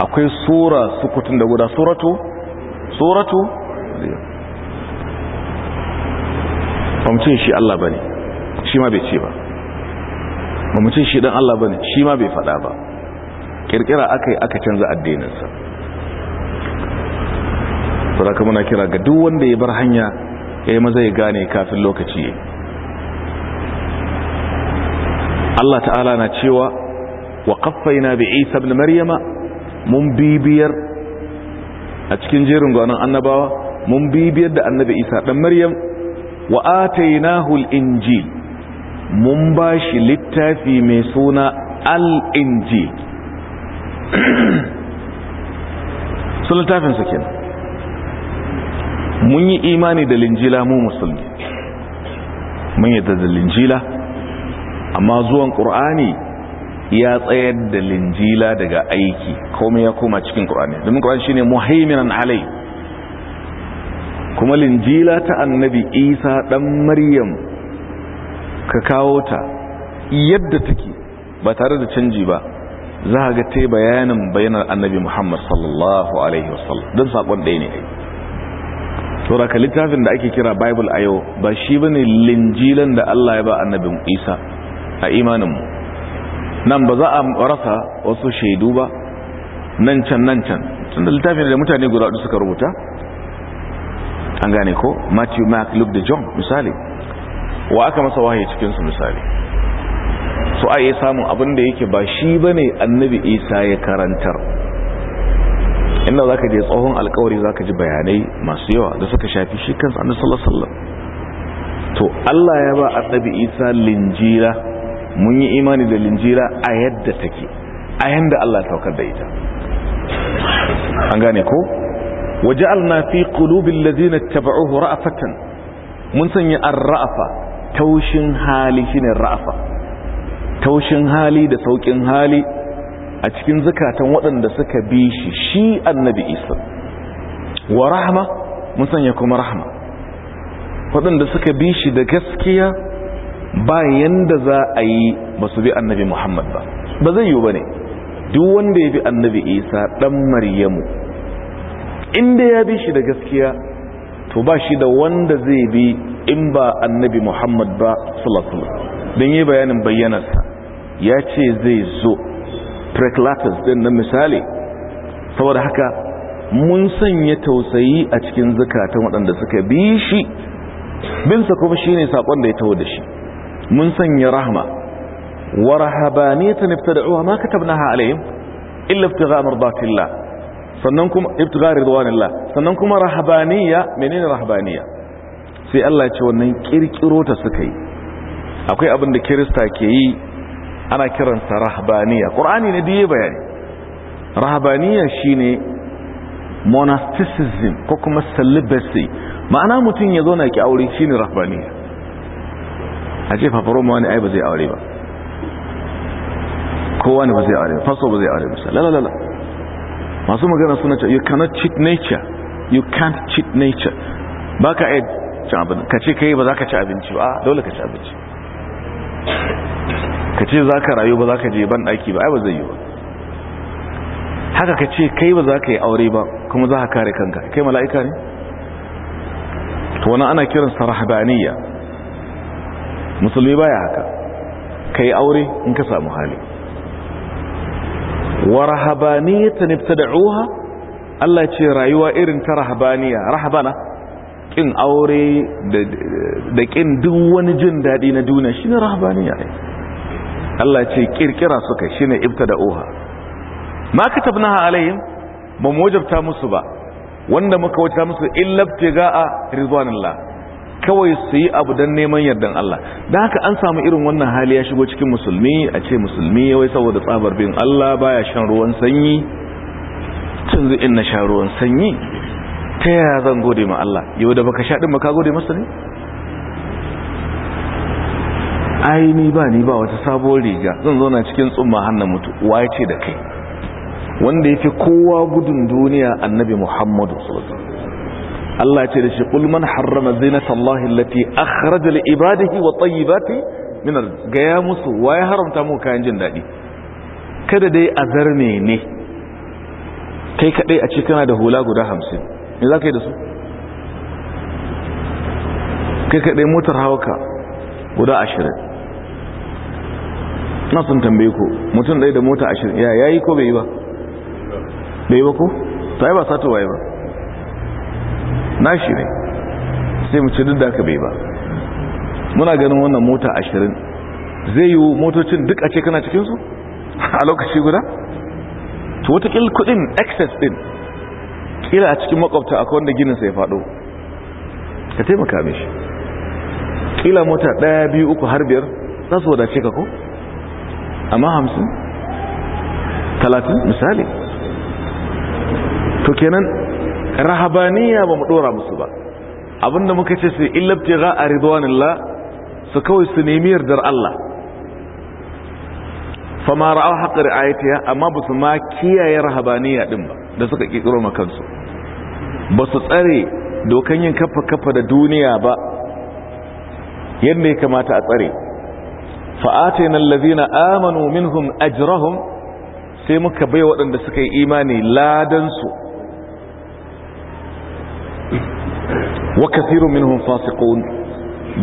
akwai sura sukutun da guda suratu suratu mamcin shi Allah bane shi ma bai ce ba mamcin shi dan Allah bane shi ma bai fada ba kirkira akai aka canza addininsa saboda na kira ga duk wanda ya bar hanya yayi maza ya gane kafin lokaci Allah ta'ala na cewa wa qaffayna bi Isa ibn Maryama mun bibiyar a cikin jerin gwanon annabawa mun bibiyar da annabi isa ɗan maryam wa injil mun bashi littafi mai suna al'inji. sun littafin su kenan mun yi imani da linjila mu musulmi mun yi da linjila amma zuwan ƙur'ani ya tsayar da linjila daga aiki komai ya koma cikin ƙur'ani domin shi shine muhaiminan alai kuma linjila ta annabi isa ɗan maryam ka kawo ta yadda take ba tare da canji ba za ga ta bayanin bayanar annabi muhammad sallallahu alaihi wasallam don saƙon ɗaya ne ka littafin da ake kira bible a yau ba shi bane linjilan da allah ya ba annabin isa a imaninmu nan ba za a rasa wasu shaidu ba nan can nan can tun da littafin da mutane guda hudu suka rubuta an gane ko matthew mark luke da john misali wa aka masa wahayi cikinsu misali su a yi samun abin da yake ba shi ba ne annabi isa ya karantar inda za ka je tsohon alkawari za ka ji bayanai masu yawa da suka shafi shi kansu annabi sallallahu sallar. to allah ya ba annabi isa linjira mun yi imani da linjira a yadda take a yadda Allah saukar da ita an gane ko waja'alna fi qulubil ladina ittaba'uhu ra'afatan mun sanya an raafa taushin hali shine ra'afa taushin hali da saukin hali a cikin zukatan waɗanda suka bi shi shi annabi Isa wa rahama mun sanya kuma rahama, waɗanda suka bi shi da gaskiya ba yanda za a yi ba su bi annabi muhammad ba ba zai yi ba ne duk wanda ya bi annabi isa dan maryamu inda ya bi shi da gaskiya to ba shi da wanda zai bi in ba annabi muhammad ba sallallahu don yi bayanin bayyanarsa ya ce zai zo preclatus din na misali saboda haka mun sanya tausayi a cikin zukatan waɗanda suka bi shi binsa kuma ne saƙon da ya taho da shi mun sanya rahma wa rahabaniyatan ibtada'uha ma katabnaha alayhim illa ibtigha mardatillah sannan kuma ibtigha ridwanillah sannan kuma rahabaniya menene rahabaniya sai Allah ya ce wannan kirkiro ta suka yi akwai abin da kirista ke yi ana kiransa rahabaniya qur'ani ne da bayani rahabaniya shine monasticism ko kuma celibacy ma'ana mutum ya zo na ki aure shine rahabaniya a ce fafaro ma wani ai ba zai aure ba kowa ne ba zai aure faso ba zai aure ba lalala masu magana suna ce you cannot cheat nature you can't cheat nature ba ka aid cin ka ce ka yi ba za ka ci abinci ba dole ka ci abinci ka ce za ka rayu ba za ka je ban ɗaki ba ai ba zai yi ba haka ka ce kai ba za ka yi aure ba kuma za ka kare kanka kai mala'ika ne to wani ana kiransa rahabaniya musulmi baya haka ka aure in ka samu hali wa rahabaniyatan ibtada'uha Allah ce rayuwa irin ta rahabaniya rahabana kin aure da kin duk wani jin dadi na duniya shine rahabaniya ne Allah ce kirkira suka shine ibtada'uha ma katabnaha alaihim ba mu wajabta musu ba wanda muka wajabta musu illa ibtiga'a ridwanillah kawai su yi abu don neman yardan Allah da haka an samu irin wannan hali ya shigo cikin musulmi a ce musulmi yawai saboda tsabar bin Allah baya shan ruwan sanyi tun in na sha ruwan sanyi ta yaya zan gode ma Allah yau da baka sha din maka gode masa ne ai ni ba ni ba wata sabuwar riga zan zauna cikin tsumma hannun mutu waye ce da kai wanda yake kowa gudun duniya annabi Muhammadu sallallahu Allah ce da shi qul man harrama zinatallahi allati akhraja li ibadihi wa tayyibati min gaya musu waye haramta mu kayan jin dadi kada dai azar ne ne kai kadai a ce kana da hula guda 50 me ka yi da su kai kadai motar hawaka guda 20 na sun tambaye ku mutum dai da mota ashirin ya yayi ko bai yi ba bai yi ba ko sai ba sato waye ba nashi ne sai mu ci duk da aka bai ba muna ganin wannan mota ashirin zai yi motocin duk a ce kana cikinsu a lokaci guda to watakil kudin excess din kila a cikin makwabta akwai wanda ginin sai faɗo ka taimaka mishi kila mota ɗaya biyu uku har biyar za su wadace ka ko amma hamsin talatin misali to kenan rahabaniya ba mu dora musu ba abinda muka ce su illabti ga a ridwanillah su kawai su nemi yardar Allah fama ra'a haƙar ayatiya amma ba su ma kiyaye rahabaniya din ba da suka ƙiƙiro ma kansu ba su tsare dokan yin kafa kafa da duniya ba yadda ya kamata a tsare fa'atina allazina amanu minhum ajrahum sai muka bai waɗanda suka yi imani ladansu wa kathirun minhum fasiqun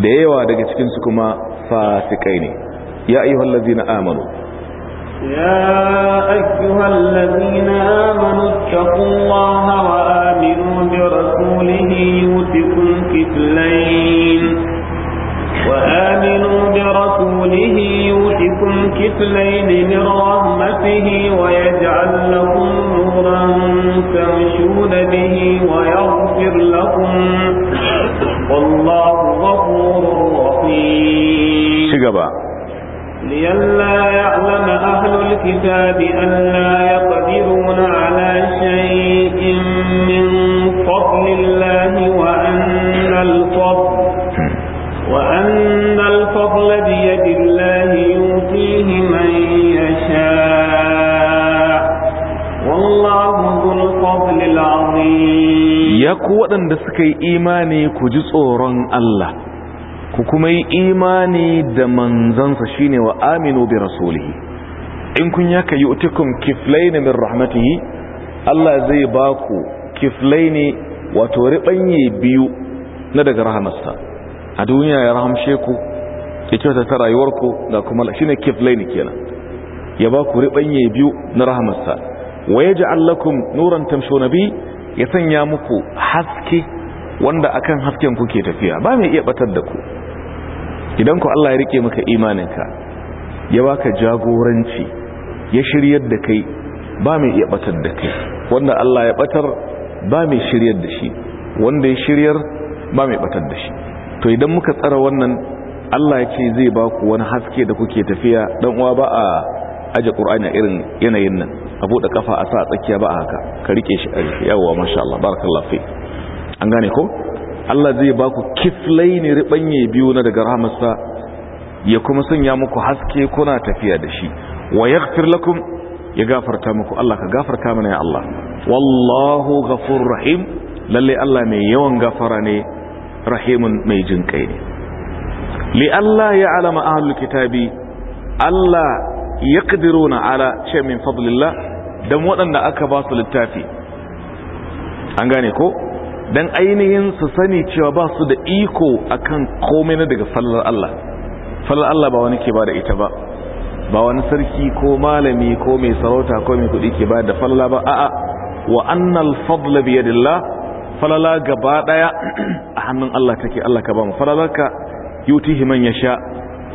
da yawa daga cikin su kuma fasikai ne ya ayyuhal ladzina amanu ya ayyuhal ladzina amanu taqullaha wa aminu bi rasulihi yutikum kiflayn وآمنوا برسوله يوحكم كفلين من رحمته ويجعل لكم نورا تمشون به ويغفر لكم والله غفور رحيم لئلا يعلم أهل الكتاب أن لا يقدرون على شيء waɗanda suka yi imani ku ji tsoron Allah ku kuma yi imani da manzansa shine wa aminu bi rasulihi in kun yaka yi utukun kiflaini min rahmatihi Allah zai ba ku kiflaini wato ribanye biyu na daga rahamarsa a duniya ya rahamshe ku ya kyauta ta rayuwarku da kuma shi shine kiflaini kenan ya ba ku ribanye biyu na rahamarsa wa ji allakun nuran tamshonabi ya sanya muku haske wanda akan hasken kuke tafiya ba mai iya batar da ku idan ku Allah ya rike maka imaninka ya baka jagoranci ya shiryar da kai ba mai iya batar da kai wanda Allah ya batar ba mai shiryar da shi wanda ya shiryar ba mai batar da shi to idan muka tsara wannan Allah ya ce zai ba ku wani haske da kuke tafiya dan uwa ba a aje Qur'ani irin yanayin nan a buɗe kafa a sa a tsakiya ba a haka ka rike shi a rufe yawwa masha Allah barakallahu an gane ko Allah zai ba ku kiflaini ribanye biyu na daga rahamarsa ya kuma sanya muku haske kuna tafiya da shi wa yaghfir lakum ya gafarta muku Allah ka gafarta mana ya Allah wallahu ghafurur rahim lalle Allah mai yawan gafara ne rahimun mai jinkai ne li Allah ya alama ahlul kitabi Allah yaqdiruna ala shay min fadlillah dan waɗanda aka ba su littafi an gane ko dan ainihin su sani cewa ba su da iko akan komai na daga fallar Allah fallar Allah ba wani ke ba da ita ba ba wani sarki ko malami ko mai sarauta ko mai kuɗi ke ba da falla ba a'a wa annal bi yadillah falala gaba daya a hannun Allah take Allah ka ba mu falalarka yutihi man yasha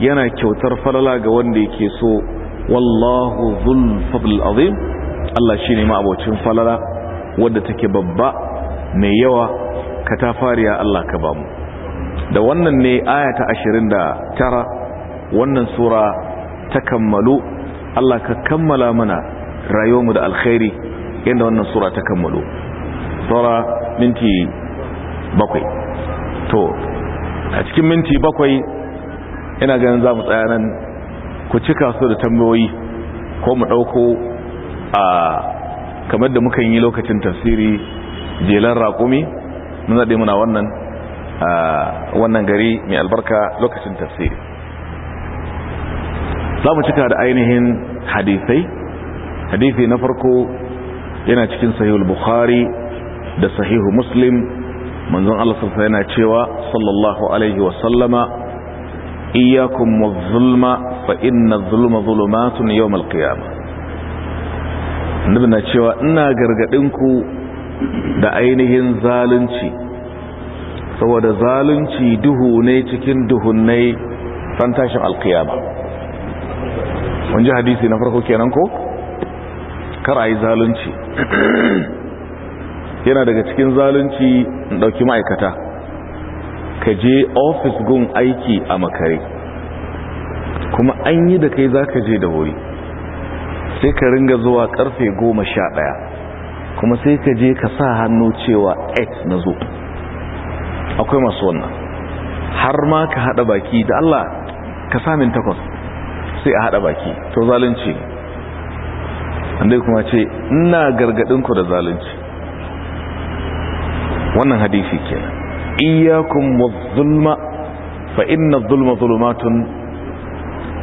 yana kyautar falala ga wanda yake so wallahu zun fadl azim Allah shine ma abocin falala wadda take babba mai yawa ka ta fariya Allah ka bamu da wannan ne ayata tara. wannan sura ta kammalu Allah ka kammala mana rayuwarmu da alkhairi yadda wannan sura ta kammalu. sura minti bakwai to a cikin minti bakwai ina ganin za mu tsaya nan ku cika su da tambayoyi ko mu ɗauko a kamar da muka yi lokacin tafsiri jelan raƙumi mun zaɗe muna wannan wannan gari mai albarka lokacin tafsiri za mu cika da ainihin hadisai hadisi na farko yana cikin sahihul bukhari da sahihu muslim manzon Allah sassa yana cewa sallallahu alaihi wasallama إياكم fa inna الظلم ظلمات yawm القيامة Nuna cewa ina gargadinku da ainihin zalunci saboda zalunci duhu ne cikin duhunnai san tashin mun ji hadisi na farko kenan ko kar ayi zalunci yana daga cikin zalunci dauki ma'aikata ka je ofis gun aiki a makare kuma an yi da kai za ka je da wuri sai ka ringa zuwa karfe goma sha ɗaya kuma sai ka je ka sa hannu cewa X na zo akwai masu wannan har ma ka haɗa baki da Allah ka samin takwas sai a haɗa baki to zalunci andai kuma ce ina gargadinku da zalunci wannan hadisi kenan iyakun mazulma, zulma fa inna zulma zulumatun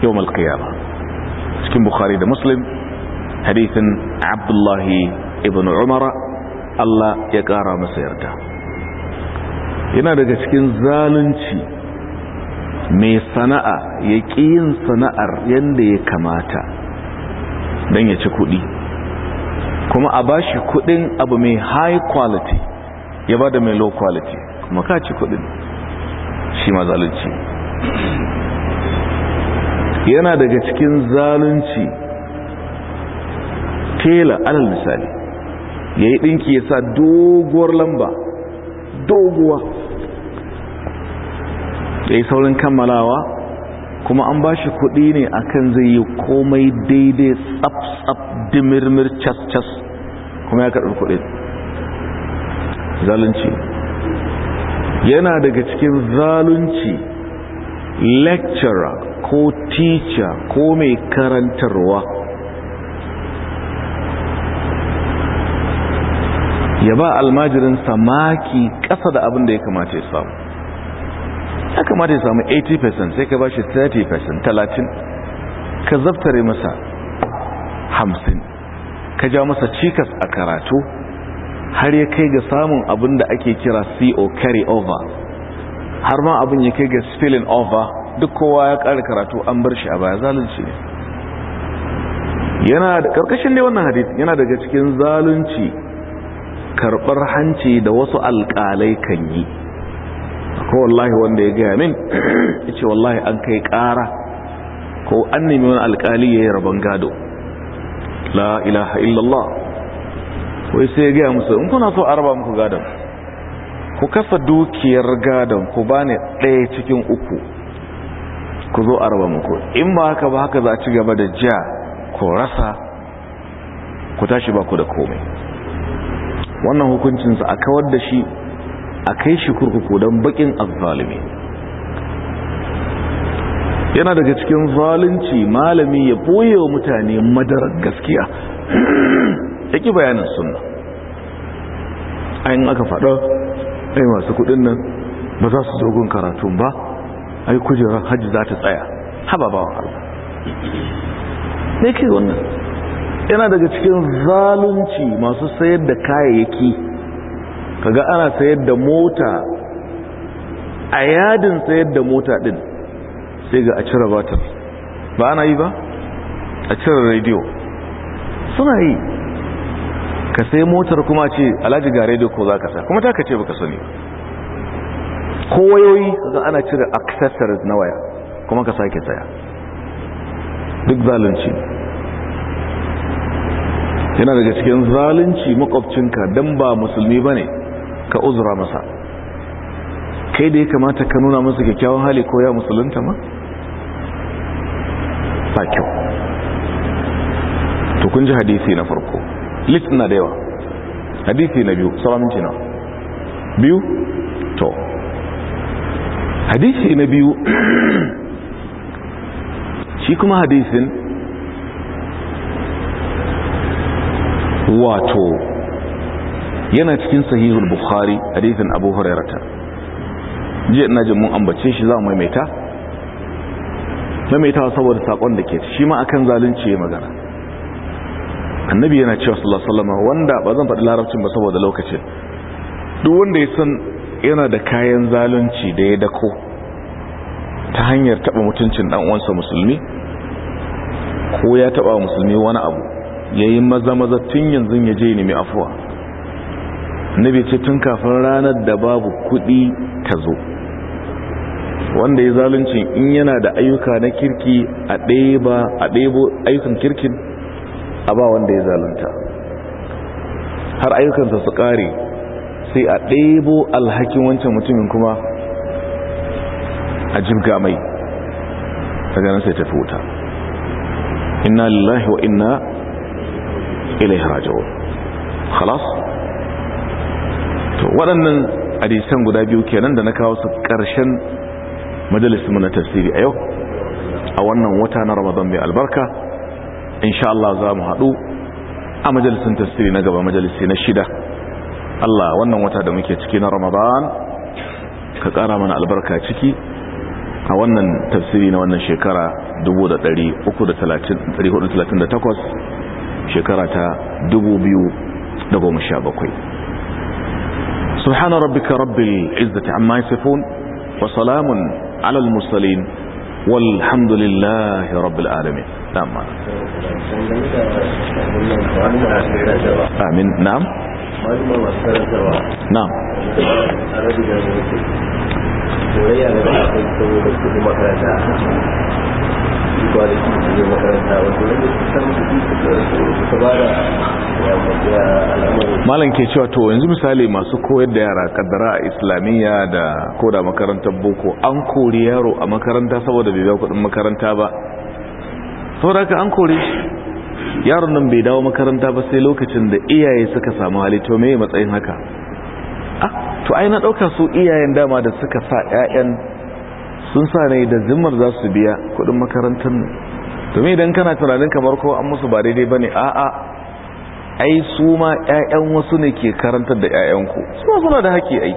yau malkiyama cikin bukhari da muslim hadithin abdullahi ibn Umar, allah ya kara masa yarda yana daga cikin zalunci mai sana'a ya yin sana'ar yadda ya kamata don ya ci kuɗi kuma a bashi kuɗin abu mai high quality ya bada mai low quality kuma ka ci kudin shi ma zalunci yana daga cikin zalunci tela alal misali yayi yi ɗinki ya doguwar lamba doguwa ya yi saurin kammalawa kuma an ba shi kuɗi ne akan zai yi komai daidai tsaf-tsaf dimirmir cas-cas kuma ya karɓi kuɗi zalunci yana daga cikin zalunci lecturer ko teacher ko mai karantarwa ya ba almajirinsa maki ƙasa da abin da ya kamata ya samu ya kamata ya samu 80% sai ka ba shi 30% 30 ka zaftare masa 50 ka ja masa cikas a karatu har ya kai ga samun abin da ake kira co carry over har ma abin ya kai ga spilling over duk kowa ya ƙara karatu an bar shi a baya zalunci ne yana da ƙarƙashin dai wannan hadith yana daga cikin zalunci karɓar hanci da wasu alƙalai kan yi ko wallahi wanda ya gaya min ya ce wallahi an kai ƙara ko an nemi wani alƙali ya yi rabon gado la ilaha illallah wai sai ya gaya musu in kuna so a raba muku gadon ku kasa dukiyar gadon ku bani ɗaya cikin uku ku zo a raba muku in ba haka ba haka za a ci gaba da ja ko rasa ku tashi ba ku da komai wannan hukuncinsa a kawar da shi a kai shi kurkuku don bakin azzalumi yana daga cikin zalunci malami ya boye wa mutane madarar gaskiya yaki bayanin suna ayin aka faɗa ai masu kudin nan ba za su dogon karatu ba ai kujerar hajji za ta tsaya haba wa Allah ne ke wannan yana daga cikin zalunci masu sayar da kayayyaki kaga ana sayar da mota a yadin sayar da mota din sai ga a cire batar ba ana yi ba a cire rediyo suna yi ka sai motar kuma ce alhaji ga radio ko za ka sa kuma ta ka ce baka sani ko wayoyi ga ana cire accessories na waya kuma ka sake saya duk zalunci yana daga cikin zalunci makwabcinka don ba musulmi ba ne ka uzura masa kai da ya kamata ka nuna masa kyakkyawan hali ko ya musulunta ma? ba kyau kun ji hadisi na farko list na da yawa hadisi na biyu salaminci na biyu to hadisi na biyu shi kuma hadisin wato yana cikin sahihul bukhari hadisin abu hurairata jiya ina jin mun ambace shi za mu maimaita maimaita saboda sakon da ke shi ma akan zalunci magana annabi yana cewa sallallahu alaihi wasallam wanda ba zan faɗi larabcin ba saboda lokacin duk wanda ya san yana da kayan zalunci da ya dako ta hanyar taba mutuncin dan uwansa musulmi ko ya taba musulmi wani abu yayin maza maza tun yanzu ya je nemi afuwa annabi ce tun kafin ranar da babu kuɗi ta zo wanda ya zaluncin in yana da ayyuka na kirki a ba a ɗebo ayyukan kirkin a ba wanda ya zalunta har ayyukansa su kare sai a ɗebo alhakin wancan mutumin kuma a jibga mai daga nan sai tafi wuta inna lillahi wa inna ilaihi raji'un halas. to waɗannan hadisan guda biyu kenan da na kawo su ƙarshen majalisinmu na tafsiri a yau a wannan wata na Ramadan mai albarka insha Allah za mu haɗu a majalisun tasiri na gaba majalisi na shida Allah wannan wata da muke ciki na Ramadan ka ƙara mana albarka ciki a wannan tafsiri na wannan shekara 338 shekara ta 2017 subhana rabbika rabbil izzati amma yasifun wa salamun ala al mursalin والحمد لله رب العالمين amin na'am na'am malam ke cewa to yanzu misali masu koyar da yara kadara a islamiyya da koda makarantar boko an kori yaro a makaranta saboda bai biya kudin makaranta ba ka an kore shi yaron nan bai dawo makaranta ba sai lokacin da iyaye suka samu hali to matsayin haka ah to ai na dauka su iyayen dama da suka sa ƴaƴan sun sa ne da zimmar za su biya kuɗin makarantar ne to me idan kana tunanin kamar ko an musu ba daidai bane a a ai su ma ƴaƴan wasu ne ke karantar da ƴaƴan ku su ma suna da haƙƙi ai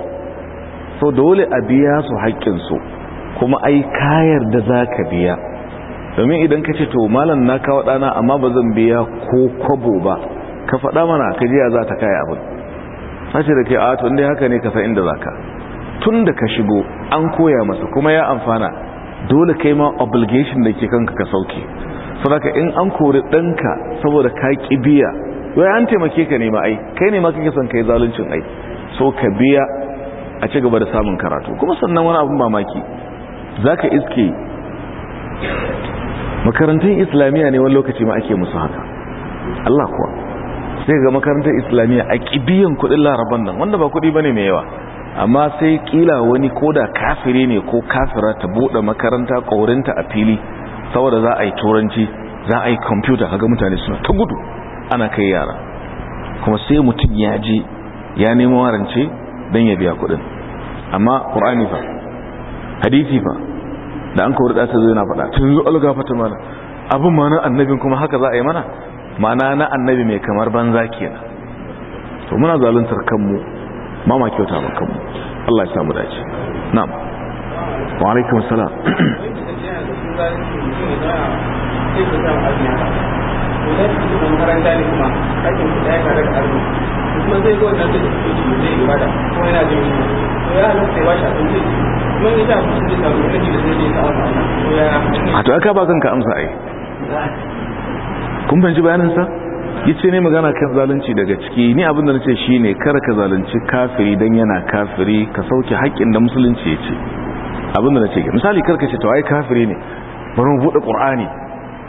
so dole a biya su haƙƙin su kuma ai kayar da zaka biya domin idan ka ce to malam na kawo ɗana amma ba zan biya ko kwabo ba ka faɗa mana ka jiya za ta kaya abin sashi da ke a to inda haka ne ka san inda za ka tun da ka shigo an koya masa kuma ya amfana dole kai ma obligation da ke kanka ka sauke sadaka in an kori ɗanka saboda ka ƙi biya wai an taimake ka nema ai kai ne ma kake son kai zaluncin ai so ka biya a ci gaba da samun karatu kuma sannan wani abin mamaki zaka iske makarantun islamiyya ne wani lokaci ma ake musu haka Allah kuwa sai ga makarantar islamiyya a kibiyan kudin laraban nan wanda ba kudi ne mai yawa amma sai ƙila wani ko da kafire ne ko kafira ta buɗe makaranta ƙorinta a fili saboda za a yi turanci za a yi kwamfuta kaga mutane suna ta gudu ana kai yara kuma sai mutum ya je ya nemo warance don ya biya kudin amma ƙur'ani fa hadisi fa da an kawar da ta zo yana faɗa tun zo fata mana abin ma na annabin kuma haka za a yi mana ma'ana na annabi mai kamar banza kenan to muna zaluntar kanmu ma ma kyauta ma kanmu Allah ya samu dace na'am wa alaikum salam kuma zai zo da zai ci da ibada kuma yana da yi to ya halatta ya shafin abinci a to aka ba kanka amsa ai kun banci bayaninsa ya ce ne magana kan zalunci daga ciki ni abin na ce shi ne kar ka zalunci kafiri don yana kafiri ka sauke haƙƙin da musulunci ya ce da na ce misali kar ka ce to ai kafiri ne bari mu buɗe ƙur'ani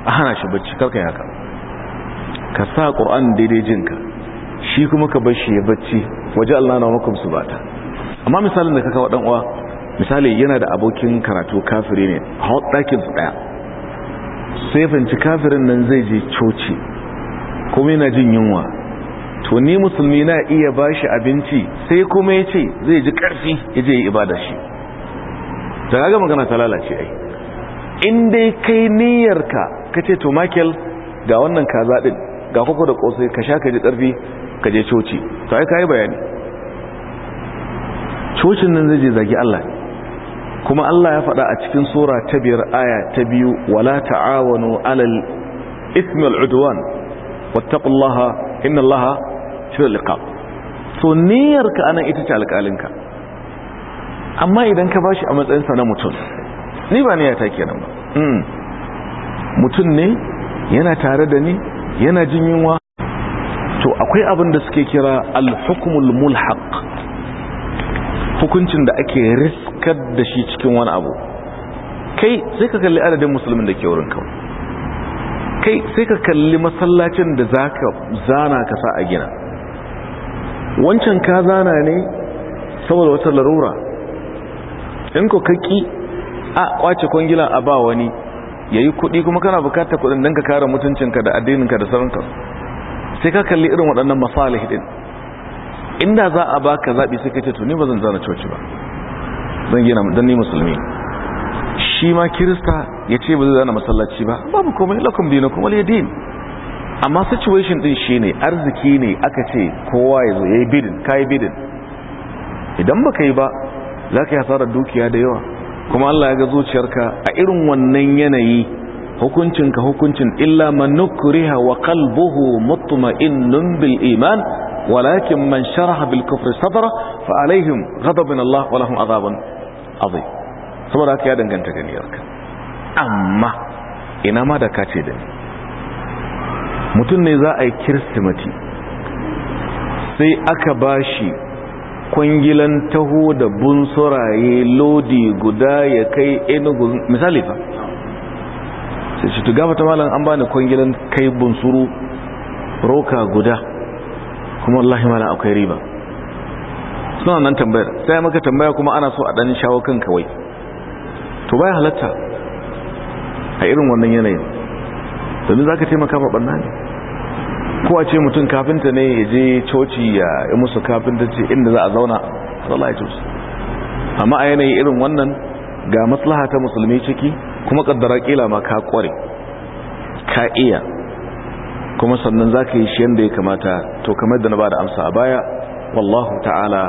a hana shi bacci kar ka yi haka ka sa ƙur'an daidai jinka shi kuma ka bar shi ya bacci waje Allah na makamsu bata amma misalin da ka kawo ɗan'uwa misali yana da abokin karatu kafiri ne ɗakin su ɗaya sai fanci kafirin nan zai je coci kuma yana jin yunwa to ni musulmi na iya ba shi abinci sai kuma ya ce zai ji ƙarfi ya je yi ibada shi ta magana ta lalace ai in dai kai niyyarka ka ce to makel ga wannan kaza ɗin ga kwakwa da ƙosai ka sha ka ji ƙarfi ka je coci to ai ka yi bayani cocin nan zai je zagi allah kuma Allah ya faɗa a cikin sura ta biyar aya ta biyu wala ta'awanu alal ismi al'udwan wattaqullaha inna allaha shadidul to niyyarka anan ita ce alƙalinka amma idan ka bashi a matsayin sa na mutum ni ba niyya kenan ba hmm. mutum ne yana tare da ni yana jin yunwa to akwai abin da suke kira al-hukmul mulhaq hukuncin da ake riskar da shi cikin wani abu kai sai ka kalli adadin musulmin da ke wurin kawai kai sai ka kalli masallacin da za ka zana ka sa a gina wancan ka zana ne saboda wata larura in ko kaki a kwace kwangila a ba wani ya yi kuɗi kuma kana bukatar kuɗin don ka kare mutuncinka da addininka da sauranka sai ka kalli irin waɗannan masalih ɗin inda za a baka zaɓi suka ce to ni ba zan zana coci ba zan gina don ni musulmi shi ma kirista ya ce ba zai zana masallaci ba babu komai lakum dina kuma ledin amma situation din shi arziki ne aka ce kowa ya zo ya yi bidin ka yi bidin idan baka yi ba za ka yi hasarar dukiya da yawa kuma allah ya ga zuciyarka a irin wannan yanayi hukuncinka hukuncin illa man nukriha wa qalbuhu mutma'innun bil iman ولكن من شرح بالكفر صدره فعليهم غضب من الله ولهم عذاب عظيم saboda haka ya danganta ganiyarka amma ina ma da kace da ni mutum ne za a yi kirsimati sai aka bashi kwangilan taho da bunsuraye lodi guda ya kai enugu misali fa sai shi tu gaba ta malam an bani kwangilan kai bunsuru roka guda kuma wallahi mala akwai riba suna nan tambayar sai maka tambaya kuma ana so a dan shawo kan kawai to baya halatta a irin wannan yanayin domin za ka taimaka ma barna ne kowa ce mutum kafinta ne ya je coci ya yi musu kafinta ce inda za a zauna sallah ya amma a yanayi irin wannan ga maslaha ta musulmi ciki kuma kaddara kila ma ka kware ka iya kuma sannan zaka yi shi yanda ya kamata to kamar da na bada amsa a baya wallahu ta'ala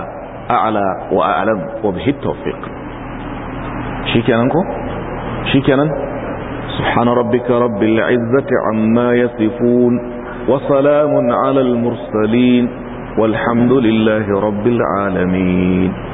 a'la wa a'lam wa bihi tawfiq shikenan ko shikenan subhana rabbika rabbil izzati amma yasifun wa salamun 'alal mursalin والحمد لله رب العالمين